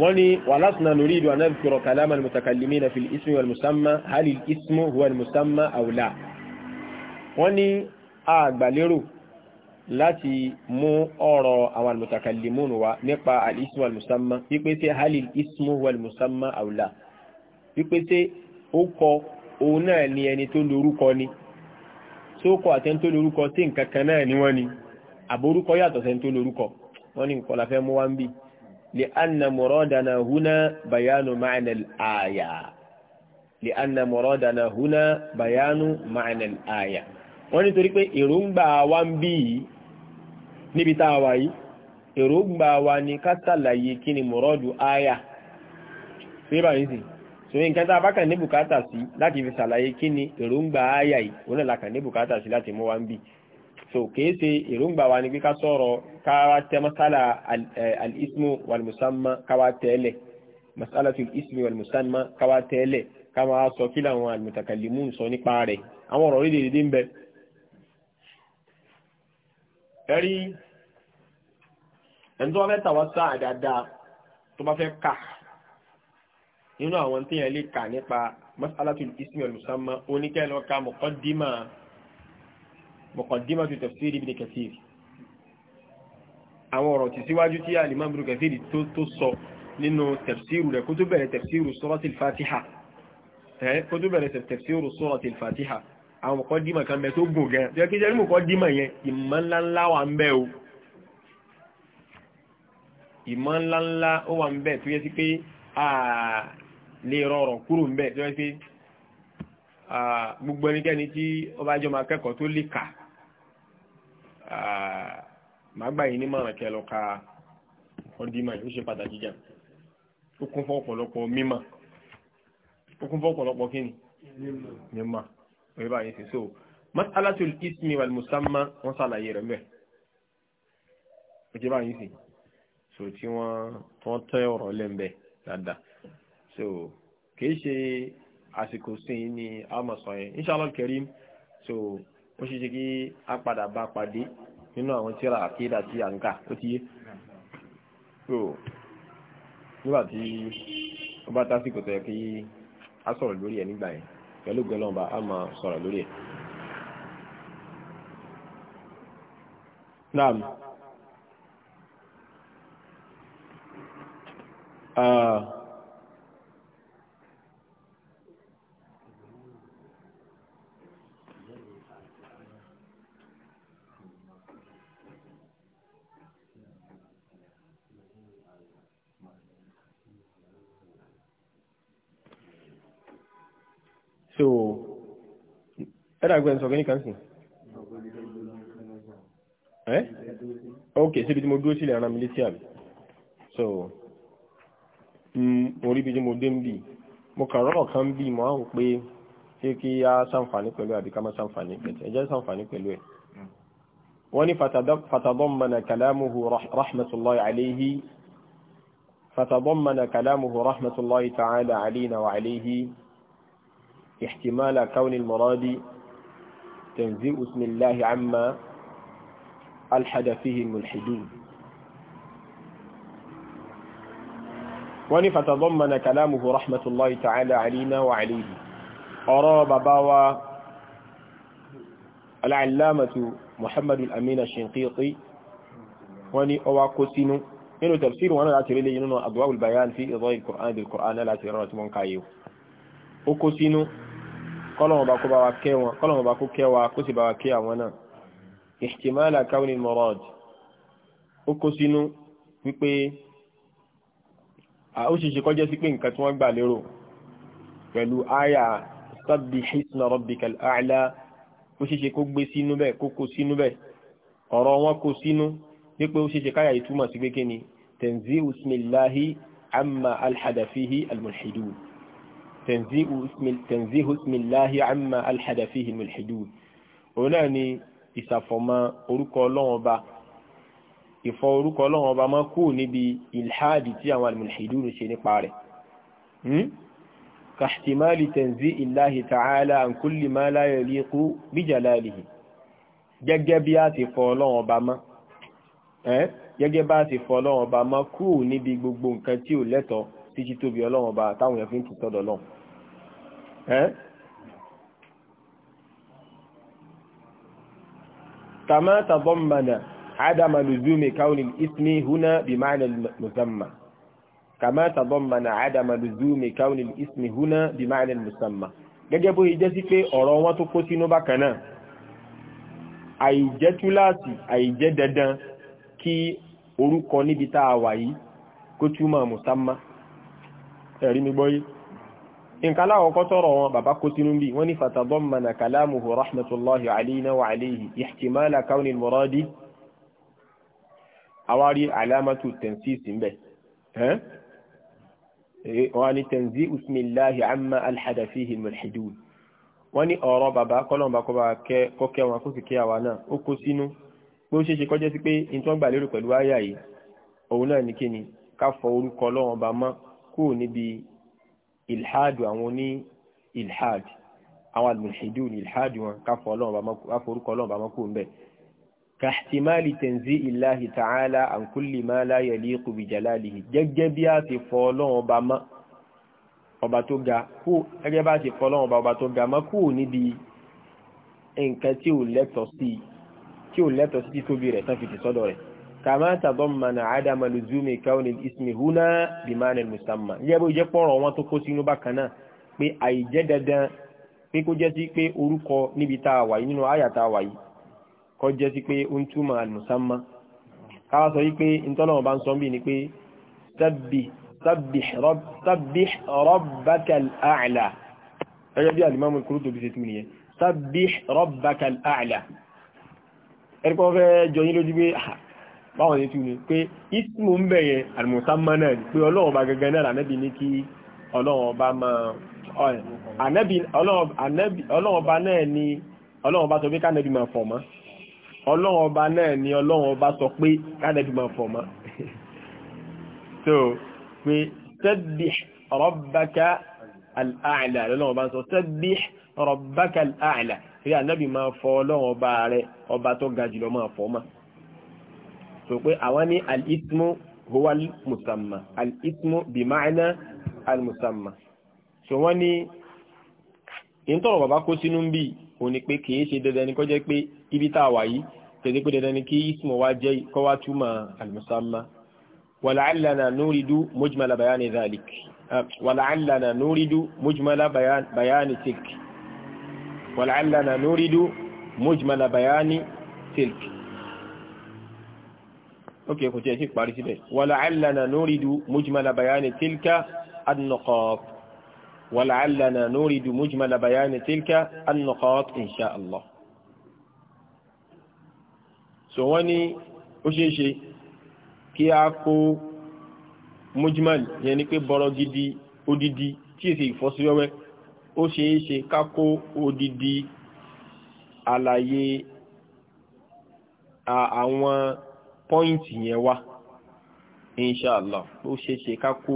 wọ́n ní wàlásùnà lórí ìdù anáfíkọ̀rọ̀ kàlámà alìmùtàkàlìmí na fi ismi wal musamma hali ismu huwa al musamma aw la wọ́n ní àgbàlérò láti mú ọ̀rọ̀ àwọn almutakallimun wa nípa al-ismu al-musamma wípé tí halil ismu wal-musamma àwùlà wípé tí ó kọ òun náà ni ẹni tó lórúkọ ni tó kọ àtẹni tó lórúkọ tí nǹkan kan náà ni wọ́n ni àbórúkọ yàtọ̀ sẹ́ni tó lórúkọ wọ́n ní nǹkan fẹ́ mú wá ń bì لأن مرادنا هنا بيان معنى الآية لأن مرادنا هنا بيان معنى الآية wọ́n nítorí pé èròǹgbà wa bí níbi tá a wà yìí èròǹgbà wa ni ká ṣàlàyé kí ni mọ̀rọ́dù áyà fíbà ní sí so nǹkan tá a bá kàn ní bùkátà sí láti fi ṣàlàyé kí ni èròǹgbà áyà yìí òun náà ní bùkátà sí láti mú wa ń bì so kìí ṣe èròǹgbà wa ni pé ká sọ̀rọ̀ ká masala al-ismu wal-musamma ká wá tẹ́lẹ̀ masalatu al-ismi wal-musamma ká wá tẹ́lẹ̀ ká máa sọ kí làwọn ẹni tó bá fẹ́ tàwọn sáà dáadáa tó bá fẹ́ kà nínú àwọn tí yẹn lè kà nípa masalatul ismi wal musamma oníkẹ́ lọ ka muqaddima muqaddima tu tafsir ibn kathir àwọn ọ̀rọ̀ tí síwájú tí al-imam ibn kathir tó sọ nínú tafsiru rẹ̀ kó tó bẹ̀rẹ̀ tafsiru suratul fatiha kó tó bẹ̀rẹ̀ tafsiru àwọn muqaddima kan bẹ tó gùn gan tí kí jẹ́ ìmọ̀ ńláńlá ó wà ń bẹ̀ tó yẹ sí pé a lè rọrọ̀ kúrò ń bẹ̀ tó yẹ sí gbogbo ẹnikẹ́ni tí ó bá jọ máa kẹ́kọ̀ọ́ tó lè kà máa gbà yín ní márùn kẹ lọ ka ọdímọ̀ yìí ó ṣe pàtàkì jà ó kún fún ọ̀pọ̀lọpọ̀ mímọ̀ ó kún fún ọ̀pọ̀lọpọ̀ kí ni mímọ̀ òye báyìí sì so masalatul ismi wal musamma wọn ṣàlàyé rẹ̀ mbẹ́ òye báyìí sì so tí wọ́n wọ́n tẹ́ ọ̀rọ̀ lẹ́ńbẹ̀ dáadáa so kìí ṣe àsìkò sìn ní amọ̀sán yẹn inshallah karim so ó ṣe ṣe kí a padà bá pàdé nínú àwọn tíra àkídà tí a ń kà ó ti yé so nígbà tí ó bá tásìkò tó kí a sọ̀rọ̀ lórí ẹ̀ nígbà yẹn pẹ̀lú gbẹ́lọ́mba a máa sọ̀rọ̀ lórí ẹ̀. Naam. àgbẹ̀ ń sọ kìíní kan sí. ẹ́ ok síbi tí mo dúró sílẹ̀ ara mi létí àbí so mo rí ibi tí mo dé ń bì mo kàn rọ́ọ̀ kan ń bì mo á wò pé ṣé kí á sàǹfààní pẹ̀lú àbí ká má sàǹfààní pẹ̀lú ẹ jẹ́ pẹ̀lú ẹ̀. wọ́n ní fatadọ́mọ̀nà kàlámùhù rahmatulahi alayhi فتضمن كلامه رحمة الله تعالى علينا وعليه احتمال كون المراد tẹ̀nzí usmillahi amma alhadafihi mulhidin wọ́n ní fatadammana kalamuhu rahmatullahi ta'ala alina wa alayhi ọ̀rọ̀ bàbá wa alàlámàtù muhammadu al-amina shinqiti wọ́n ní ọwá kó sínú nínú tafsir wọn láti rí lẹ́yìn nínú adwa'ul bayan fi ìdọ́ ìkùrán ìdìkùrán láti rọrọ̀ tí wọ́n káyé ó kó sínú kọ́lọ̀wọ̀n bá kó bá wa kẹ́ wọn kọ́lọ̀wọ̀n bá kó kẹ́ wa kó sì bá wa kẹ́ àwọn náà ihtimala kawni murad ó kó sínú wípé ó ṣeṣe kọjá sí pé nǹkan tí wọ́n gbà lérò pẹ̀lú àyà sabbihisma rabbikal a'la ó ṣeṣe kó tanzihu ismillahi amma alhadafihi mulhidud òun náà ni ìsàfọ̀mọ́ orúkọ ọlọ́run ọba ìfọ orúkọ ọlọ́run ọba máa kú níbi ilhadi tí àwọn almulhidud ṣe nípa rẹ̀ hmm? kàhtimali tanzi illahi ta'ala an kulli ma la yaliqu bi jalalihi gẹ́gẹ́ bí a ti fọ ọlọ́run ọba mọ́ eh? gẹ́gẹ́ bá ti fọ ọlọ́run ọba mọ́ kú níbi gbogbo nǹkan tí ò lẹ́tọ̀ọ́ títí tóbi ọlọ́run ọba táwọn èèyàn fi ń tutọ́ dọ̀ كما تضمن عدم لزوم كون الاسم هنا بمعنى المسمى كما تضمن عدم لزوم كون الاسم هنا بمعنى المسمى gẹ́gẹ́ bó ìjẹ́ sí pé ọ̀rọ̀ wọn tó kó sínú bákan náà àìjẹ́ túláàsì àìjẹ́ dandan kí orúkọ níbi tá a wà yìí kó túmọ̀ mùsàmá ẹ̀rí mi gbọ́ yìí nǹkan aláwọ̀kọ́ tọrọ wọn bàbá kó sínú bí wọ́n ní fatadammana kalamuhu rahmatullahi alayna wa alayhi ihtimala kauni al-muradi awari alamatu tansisi mbẹ wọ́n ní tanzi usmillahi amma alhada fihi mulhidun wọ́n ní ọ̀rọ̀ bàbá kọ́lọ̀mbà kọ́kẹ́ wọn kó sì kí náà ó kó sínú pé ó ṣeéṣe kọjá sí pé in tó ń gbà lérò pẹ̀lú àyà yìí òun náà ní kíni ká fọ orúkọ Ọlọ́run ọba mọ́ kúrò níbi ilhadu àwọn oní ilhad àwọn alùmùsídù ní ilhadu wọn káfọ orúkọ ọlọ́run bá mọ́kù ń bẹ̀ kàtìmáàlì tẹ̀nzí ìláhi ta'ala an kulli ma la yaliqu bi jalalihi gẹ́gẹ́ bí a ti fọ ọlọ́run ọba mọ́ ọba tó ga kú gẹ́gẹ́ bá ti fọ kàmá tàdọ́mọ̀nà àdàmà lùzúmi káwọn ìsmi húnà bìmánà mùsàmà yẹ bó jẹ́ pọ̀rọ̀ wọn tó kó sínú bákan náà pé àìjẹ́ dandan pé kó jẹ́ sí pé orúkọ níbi tá a wà yìí nínú àyà tá a wà yìí kọ́ jẹ́ sí pé ó ń túmọ̀ àlùmùsàmà káwá sọ yìí pé ntọ́lọ́wọ́n bá ń sọ bí ni pé sabbih rabbakal a'la ẹgbẹ́ bí alimami kúrò tóbi ṣe tún nìyẹn sabbih rabbakal a'la ẹ̀rí kọ́ fẹ́ jọyín lójú pé ah, báwọn yẹn ti ní pé ismu ń bẹ̀yẹ àlùmùsánmọ́ náà ni pé ọlọ́run ọba gẹ́gẹ́ náà ànábì ní kí ọlọ́run ọba máa ọlọ́run ọba náà ni ọlọ́run ọba sọ pé kánẹ́bì máa fọ̀ mọ́ ọlọ́run ọba náà ni ọlọ́run ọba sọ pé kánẹ́bì máa fọ̀ mọ́ so pé sẹ́bì rọ́bàkà àlàálà lọ́lọ́run ọba máa fọ̀ mọ́ sọ pé àwọn ní al-ismu huwa al-musamma al-ismu bi ma'na al-musamma sọ wọ́n ní ìtọ́rọ̀ bàbá kó sínú ń bí òun ni pé kìí ṣe dandan ni kó jẹ́ pé ibi tá a wà yìí kìí pé dandan ni kí ismu wa jẹ́ kó wá túmọ̀ al-musamma wàlàálànà núrídú mujmala bayani zalik wàlàálànà núrídú mujmala bayani tilk wàlàálànà núrídú mujmala bayani tilk ok kò tí ẹ ti parí síbẹ̀ wala'allana nuridu mujmala bayani tilka an-nuqat wala'allana nuridu mujmala bayani tilka an-nuqat insha Allah so wọ́n ní ó ṣeé ṣe kí a kó mujmal yẹn ni pé bọ́rọ̀ gidi odidi tí èsì ìfọ́síwẹ́wẹ́ ó ṣeé ṣe ká kó odidi àlàyé àwọn point yẹn wá inshallah ó ṣeéṣe ká kó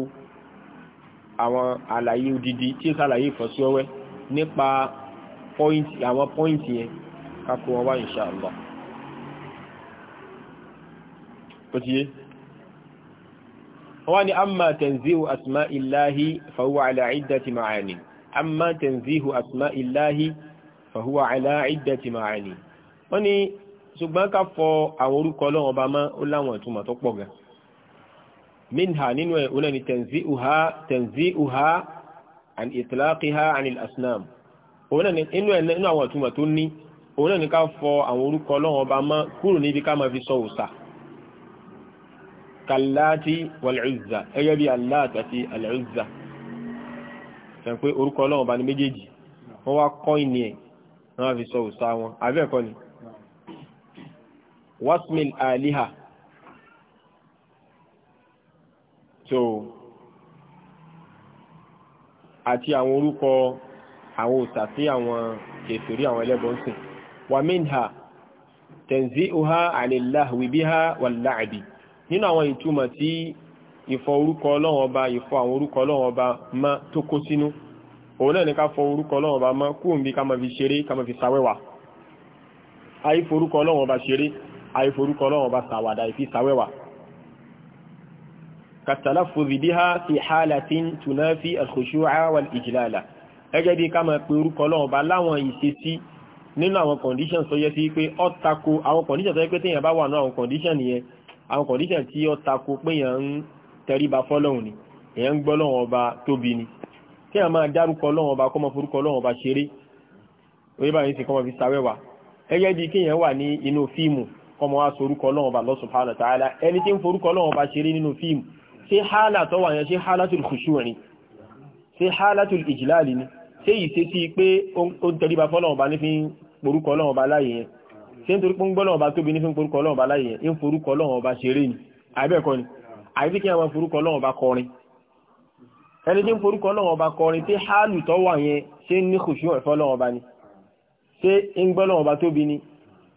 àwọn àlàyé odidi tí ó sàlàyé ìfọ́síwẹ́wẹ́ nípa pọ́ìntì àwọn pọ́ìntì yẹn ká kó wọn wá inshallah ó ti yé wọ́n ni amma tanzihu asma'illahi fa huwa ala iddati ma'ani amma tanzihu asma'illahi fa huwa ala iddati ma'ani wọ́n ni ṣùgbọ́n ká fọ àwọn orúkọ ọlọ́run ọba mọ́ ó láwọn ìtumọ̀ tó pọ̀ gan minha nínú ẹ̀ onáni tanzi'uha tanzi'uha an itlaqiha anil asnam òun náà nínú ẹ̀ nínú àwọn ìtumọ̀ tó ní òun náà ní ká fọ àwọn orúkọ ọlọ́run ọba mọ́ kúrò níbi ká máa fi sọ òòṣà kàláàtì wàlúùzà ẹgẹ́ bí aláàtì àti àlúùzà sàn orúkọ ọlọ́run ọba ní méjèèjì wọ́n wá kọ́ ìní ẹ̀ wọ́n á fi sọ òòṣà wọn àbẹ́ẹ̀kọ́ ni wasmil aliha so àti àwọn orúkọ àwọn òsà tí àwọn kèfèrí àwọn ẹlẹ́bọn sìn wà minha tanzi'uha 'ala al-lahwi biha wal-la'bi nínú àwọn ìtumọ̀ tí ìfọ orúkọ Ọlọ́run ọba ìfọ àwọn orúkọ Ọlọ́run ọba má tó kó sínú òun náà ní ká fọ orúkọ Ọlọ́run àìforúkọ ọlọ́run ọba sàwàdà ìfi sàwẹ́wà كالتلفظ بها في حالة تنافي الخشوع والإجلال ẹgẹ́ bí ká máa pe orúkọ ọlọ́run bá láwọn ìṣesí nínú àwọn condition tó yẹ sí pé ó àwọn condition tó yẹ pé téèyàn bá wà àwọn condition yẹn àwọn condition tí ó tako pé èèyàn ń tẹríba fọ́lọ́run ni èèyàn ń gbọ́ lọ́wọ́n ọba tóbi ni kéèyàn máa dárúkọ lọ́wọ́n ọba kó máa forúkọ lọ́wọ́n bí kéèyàn wà ní inú fíìmù ọmọ wa sorúkọ ọlọ́run bá lọ́sùn hálà tààlà ẹni tí ń forúkọ ọlọ́run bá ṣeré nínú fíìmù ṣé hálà tó wà yẹn ṣé hálàtul khushu ni ṣé hálàtul ìjìláàlì ni ṣé ìṣe ti pé ó ń tẹríba fọ́lọ́run bá ní fi ń porúkọ ọlọ́run bá láyé yẹn ṣé ń torí pé ń gbọ́ ọlọ́run bá tóbi ní fi ń porúkọ ọlọ́run bá láyé yẹn ń forúkọ ọlọ́run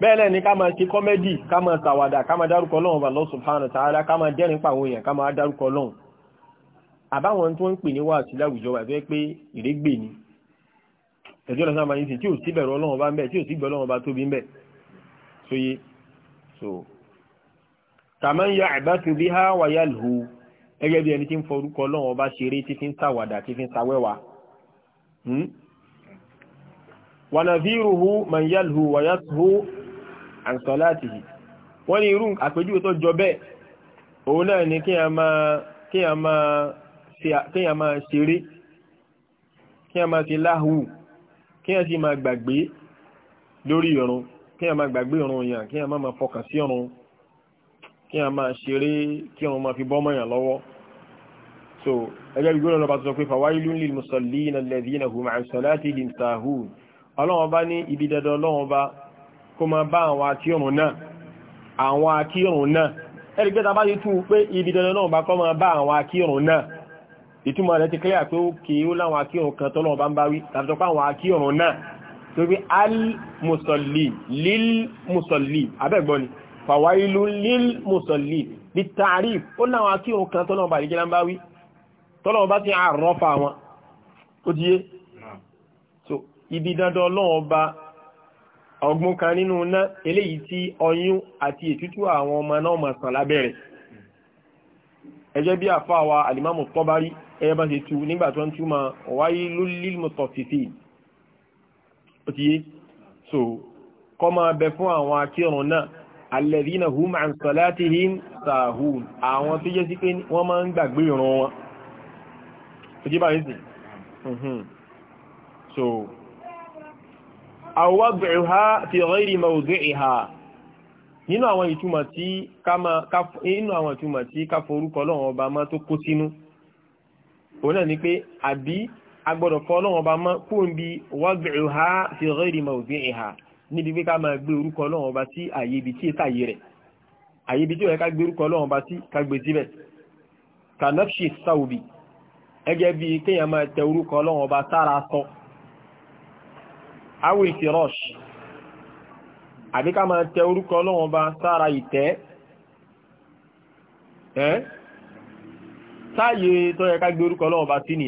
bẹ́ẹ̀lẹ̀ ni ká máa ṣe kọ́mẹ́dì ká máa ṣàwàdà ká máa dárúkọ Ọlọ́run Allah subhanahu wa ta'ala ká máa dẹ́rin pàwọn èèyàn ká máa dárúkọ Ọlọ́run àbáwọn tó ń pè ní wàásù láwùjọ wà fẹ́ pé ìrégbè ni ẹjọ́ lọ sáà máa ń sìn tí ò sí bẹ̀rù Ọlọ́run bá ń bẹ̀ tí ò sí bẹ̀rù Ọlọ́run bá tóbi ń bẹ̀ sóye so kàmá ń ya àbáṣe bí há wáyà lù ú gẹ́gẹ́ bí ẹni tí ń forúkọ Ọlọ́run ọba ṣeré tí fi ń ṣàwàdà tí fi ń ṣawẹ́wà wànàfíìrù hu màá yà lù ú an salatihi wọ́n ní irú àpèjúwe tó jọ bẹ́ẹ̀ òun náà ni kí a máa ṣeré kí a máa ṣe láhùú kí a sì máa gbàgbé lórí ìrun kí a máa gbàgbé ìrun yàn kí a máa máa fọkàn sí ìrun kí a máa ṣeré kí ìrun máa fi bọ́mọ̀ yàn lọ́wọ́ so ẹgbẹ́ gbígbóná lọ́ba tó sọ pé fawailun lil musallina alladhina hum an salatihim sahun ọlọ́wọ́n bá ní ibi dandan ọlọ́wọ́n bá kó ma bá àwọn akírùn náà àwọn akírùn náà ẹ̀rí pé tàbá yìí tú pé ibi dandan náà bá kọ́ ma bá àwọn akírùn náà ìtumọ̀ rẹ̀ ti kílẹ̀ pé ó kì ó láwọn akírùn kan tọ́lọ́ bá ń bá wí tàbí al-musalli lil-musalli abẹ́gbọ́ni fàwáìlú lil-musalli bí tààrí ó láwọn akírùn kan tọ́lọ́ bá rí jẹ́ bá wí ibi dandan ọlọ́run ọgbọ́n kan nínú iná eléyìí tí ọyún àti ètútù àwọn ọmọ náà máa sàn lábẹ́rẹ̀ ẹjẹ́ bí àfáàwà alimamu tọ́bárí ẹyẹ bá ṣe tu nígbà tó ń túmọ̀ ọ̀wáyé lólílì mọ̀tọ̀fìfì ó ti yé so kọ́ máa bẹ fún àwọn akírun náà alladhina hum an mhm. so àwọ́gbẹ̀ha fi ghairi mawdi'iha nínú àwọn ìtumọ̀ tí ká forúkọ Ọlọ́run ọba mọ́ tó kó sínú òun náà ni pé àbí agbọ́dọ̀ kọ Ọlọ́run ọba mọ́ kó ń bi wọ́gbẹ̀ha fi ghairi mawdi'iha níbi pé ká máa gbé orúkọ Ọlọ́run ọba sí àyè tí èta rẹ̀ àyè tí ó yẹ ká gbé orúkọ Ọlọ́run ọba sí ká síbẹ̀ kanafshi saubi ẹgẹ́ bíi kéèyàn máa tẹ orúkọ Ọlọ́run ọba sára sọ awil firash àbí ká máa tẹ orúkọ ọlọ́wọ́n bá sára ìtẹ́ ẹ́ sáàyè tó yẹ ká gbé orúkọ ọlọ́wọ́n bá sí ni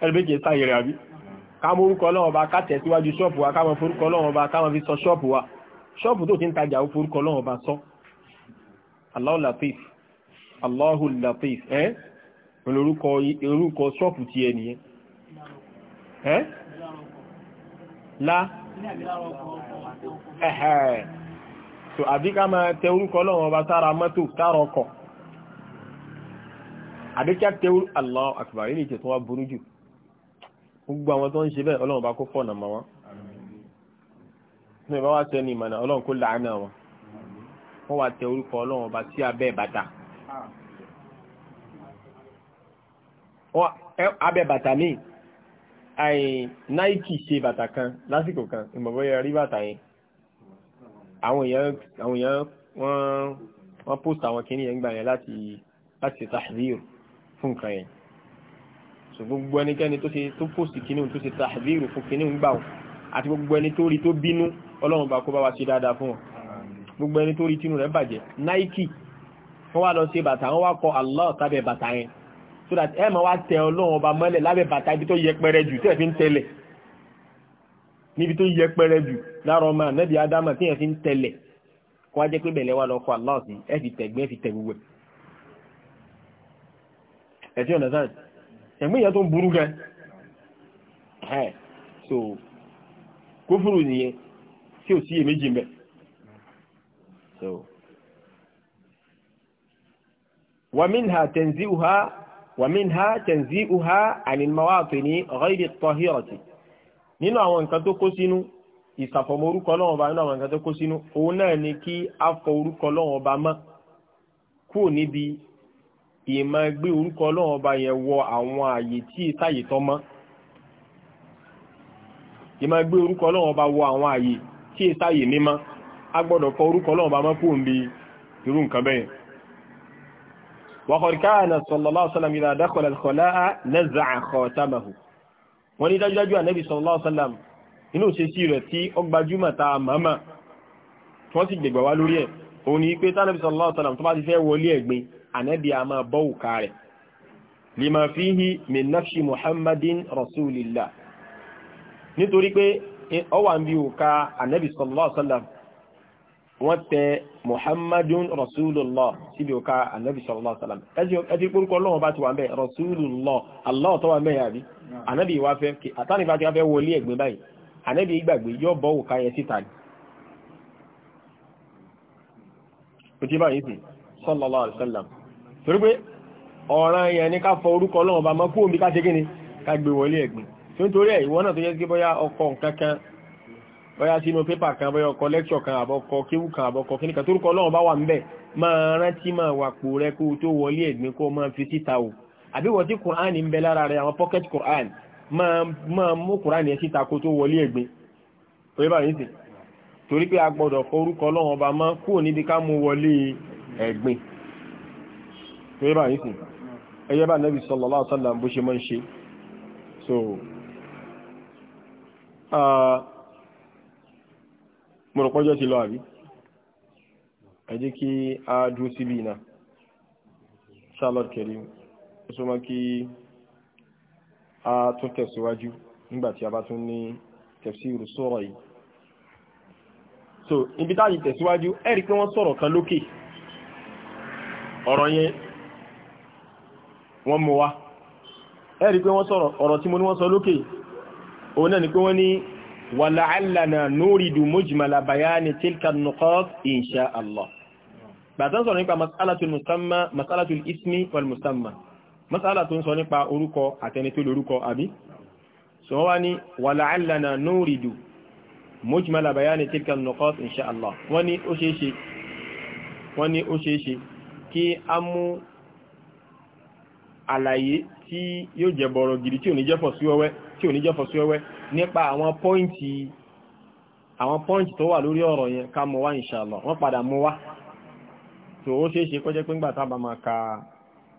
ẹ̀rẹ́bẹ́kẹ̀ sáàyè rẹ̀ àbí ká mú orúkọ ọlọ́wọ́n bá kátẹ̀ síwájú ṣọ́ọ̀pù wa ká mọ́ forúkọ ọlọ́wọ́n bá ká mọ́ fi sọ ṣọ́ọ̀pù wa ṣọ́ọ̀pù tó ti ń tajà ó orúkọ ṣọ́ọ̀pù ti ẹ nìyẹn La, ẹ̀hẹ̀ so àbí ká máa tẹ orúkọ ọlọ́run ọba sára mọ́tò sára ọkọ̀ àdékẹ́ tẹ orú Allahu Akbar ilé ìtẹ̀ tó wá burú jù gbogbo àwọn tó ń ṣe bẹ́ẹ̀ ọlọ́run bá kó fọ̀nà mọ́ orúkọ ọlọ́run ọba sí abẹ́ bàtà abẹ́ bàtà míì Nike ṣe bàtà kan lásìkò kan ìmọ̀bọ́yẹ rí bàtà yẹn àwọn èèyàn àwọn èèyàn wọ́n wọ́n post àwọn kìíní yẹn gbà yẹn láti láti tahzir fún nǹkan yẹn so gbogbo ẹnikẹ́ni tó ṣe tó post kìíní tó ṣe tahzir fún kìíní ń gbà àti gbogbo ẹni tó rí tó bínú ọlọ́run bá kó bá wa ṣe dáadáa fún wọn gbogbo ẹni tó rí tínú rẹ̀ bàjẹ́ Nike wọ́n wá lọ ṣe bàtà wọ́n wá kọ Allah tàbí bàtà yẹn so that ẹ máa wá tẹ ọlọ́run ọba mọ́lẹ̀ lábẹ́ bàtà ibi tó yẹpẹrẹ jù tẹ́ẹ̀ fi ń tẹ̀lẹ̀ níbi tó yẹpẹrẹ jù lára ọmọ ànábì ádámà tí yẹn fi ń tẹ̀lẹ̀ kó wá jẹ́ pé bẹ̀lẹ̀ wà lọ́kọ̀ Allah sí ẹ fi tẹ̀gbẹ́ fi tẹ̀ gbogbo ẹ̀ ẹ̀tí ọ̀nà sáà ẹ̀gbẹ́ yẹn tó ń burú gan ẹ̀ so kófúrú nìyẹn tí ò sí èméjì ń bẹ̀ so wàmínà tẹ̀nzíwá ومنها تنزيئها عن المواطن غير الطاهرة nínú àwọn nǹkan tó kó sínú ìsàfọ̀mọ́ orúkọ Ọlọ́run Ọba nínú àwọn nǹkan tó kó sínú òun náà ni kí a fọ orúkọ Ọlọ́run Ọba mọ́ kúrò níbi ìmọ̀ gbé orúkọ Ọlọ́run Ọba yẹn wọ àwọn àyè tí ìtàyè tọ́ mọ́ ìmọ̀ gbé orúkọ Ọlọ́run Ọba wọ àwọn àyè tí ìtàyè mímọ́ a gbọ́dọ̀ fọ orúkọ Ọlọ́run Ọba mọ́ kúrò níbi irú nǹkan bẹ́ẹ̀ وقد كان صلى الله عليه وسلم إذا دخل الخلاء نزع خاتمه wọ́n ní dájúdájú ànábì sallallahu alaihi wasallam inú òṣèṣì rẹ̀ tí ó gbajúmọ̀ ta màmá tí wọ́n sì gbẹ̀gbẹ̀ wá lórí ẹ̀ òun ni pé sallallahu alaihi wasallam tó bá ti fẹ́ wọlé ẹ̀gbin ànábì a máa bọ́ òkà rẹ̀ lima fihi min nafshi muhammadin rasulillah nítorí pé ó wà ń bí òkà ànábì sallallahu alaihi wasallam wọ́n tẹ muhammadun rasulullah síbi òka anabi sallallahu alaihi wasallam ẹjí kúrúkọ lọ́wọ́ bá ti wà mẹ́ rasulullah allah tó wà mẹ́ yàrí anabi wá fẹ́ kí àtàní bá ti wá fẹ́ wọlé ẹ̀gbẹ́ báyìí anabi gbàgbé yóò bọ́ òka yẹn síta ni kò báyìí sì sallallahu alaihi bóyá sínú pépà kan bóyá ọkọ̀ lẹ́kṣọ̀ kan àbọ̀kọ kéwù kan àbọ̀kọ kí nìkan torúkọ ọlọ́run bá wà ń bẹ̀ máa rántí máa wà pò rẹ kó tó wọlé ẹ̀gbìn kó máa fi síta o àbí wọ́n tí Quran ń bẹ lára rẹ àwọn pocket Quran máa mú Quran yẹn síta kó o tó wọlé ẹ̀gbìn òye bá yín sì torí pé a gbọ́dọ̀ kọ orúkọ ọlọ́run ọba mọ́ kúrò níbi ká mú wọlé ẹ̀gbìn òye bá yín sì ẹyẹ bá Nabi sallallahu alaihi so. Uh, mo rò pọ́jọ́ ti lọ àbí ẹ jẹ́ kí a dúró síbi iná Charlotte Kerim ó súnmọ́ kí a tún tẹ̀síwájú nígbà tí a bá tún ní tafsiru sura yìí so ibi táyì tẹ̀síwájú ẹ pé wọ́n sọ̀rọ̀ kan lókè ọ̀rọ̀ yẹn wọ́n mú wa ẹ rí pé wọ́n sọ̀rọ̀ ọ̀rọ̀ tí mo ní wọ́n sọ lókè òun náà ni pé wọ́n ní ولعلنا نورد مجمل بيان تلك النقاط إن شاء الله بعدين سنة نقع مسألة المسمى مسألة الاسم والمسمى مسألة سنة نقع أروكو أتنتو لأروكو أبي سواني ولعلنا نورد مجمل بيان تلك النقاط إن شاء الله واني أشيشي واني أشيشي كي أمو àlàyé tí yóò jẹ́ bọ̀rọ̀ gidi tí ò ní jẹ́ fọ̀ sí ọwẹ́ nípa àwọn pọ́ìntì àwọn pọ́ìntì tó wà lórí ọ̀rọ̀ yẹn ká mọ́ wá inshallah wọ́n padà mọ́ wá tó ó ṣeéṣe kó pé ńgbà tábà máa ka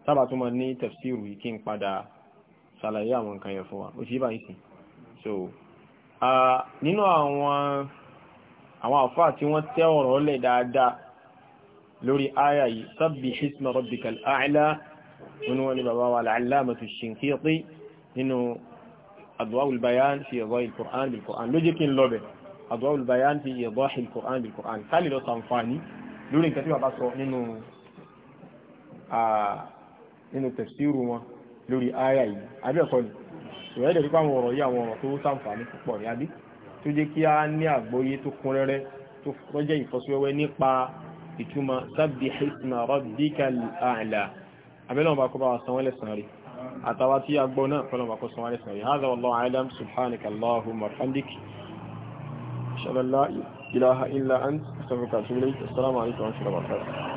tábà tó máa ní tafsiru yìí kí n padà ṣàlàyé àwọn nǹkan yẹn fún wa ó sì bá yìí so nínú àwọn àwọn àfáà tí wọ́n tẹ́ ọ̀rọ̀ lẹ̀ dáadáa lórí áyà yìí sabbih isma rabbikal a'la nínú wọn ni bàbá wa al-allamatu Shinqiti nínú adwaul bayan fi idha al-Qur'an bil-Qur'an ló jẹ́ kí n lọ́bẹ̀ adwaul bayan fi idha al-Qur'an bil-Qur'an ká lè lọ sàǹfààní lórí nǹkan tí bàbá sọ nínú nínú tafsiru wọn lórí àyà yìí abẹ́ẹ̀kọ́ ni ìwé dẹ̀ nípa àwọn ọ̀rọ̀ yìí àwọn ọ̀rọ̀ tó sàǹfààní púpọ̀ ní àbí tó jẹ́ kí a ní àgbọ́yé tó kún rẹ́rẹ́ tó rọ́jẹ́ ìfọ́síwẹ́wẹ́ nípa ìtumọ̀ sabbih isma rabbikal a'la abẹ́lẹ́ wọn bá kọ́ bá san wọ́n lẹ́sàn-án اتواتي اغبونا فلو ما قصوا عليه سنوي هذا والله عالم سبحانك اللهم وبحمدك شاء الله لا إله إلا أنت أستغفرك أتوب إليك السلام عليكم ورحمة الله وبركاته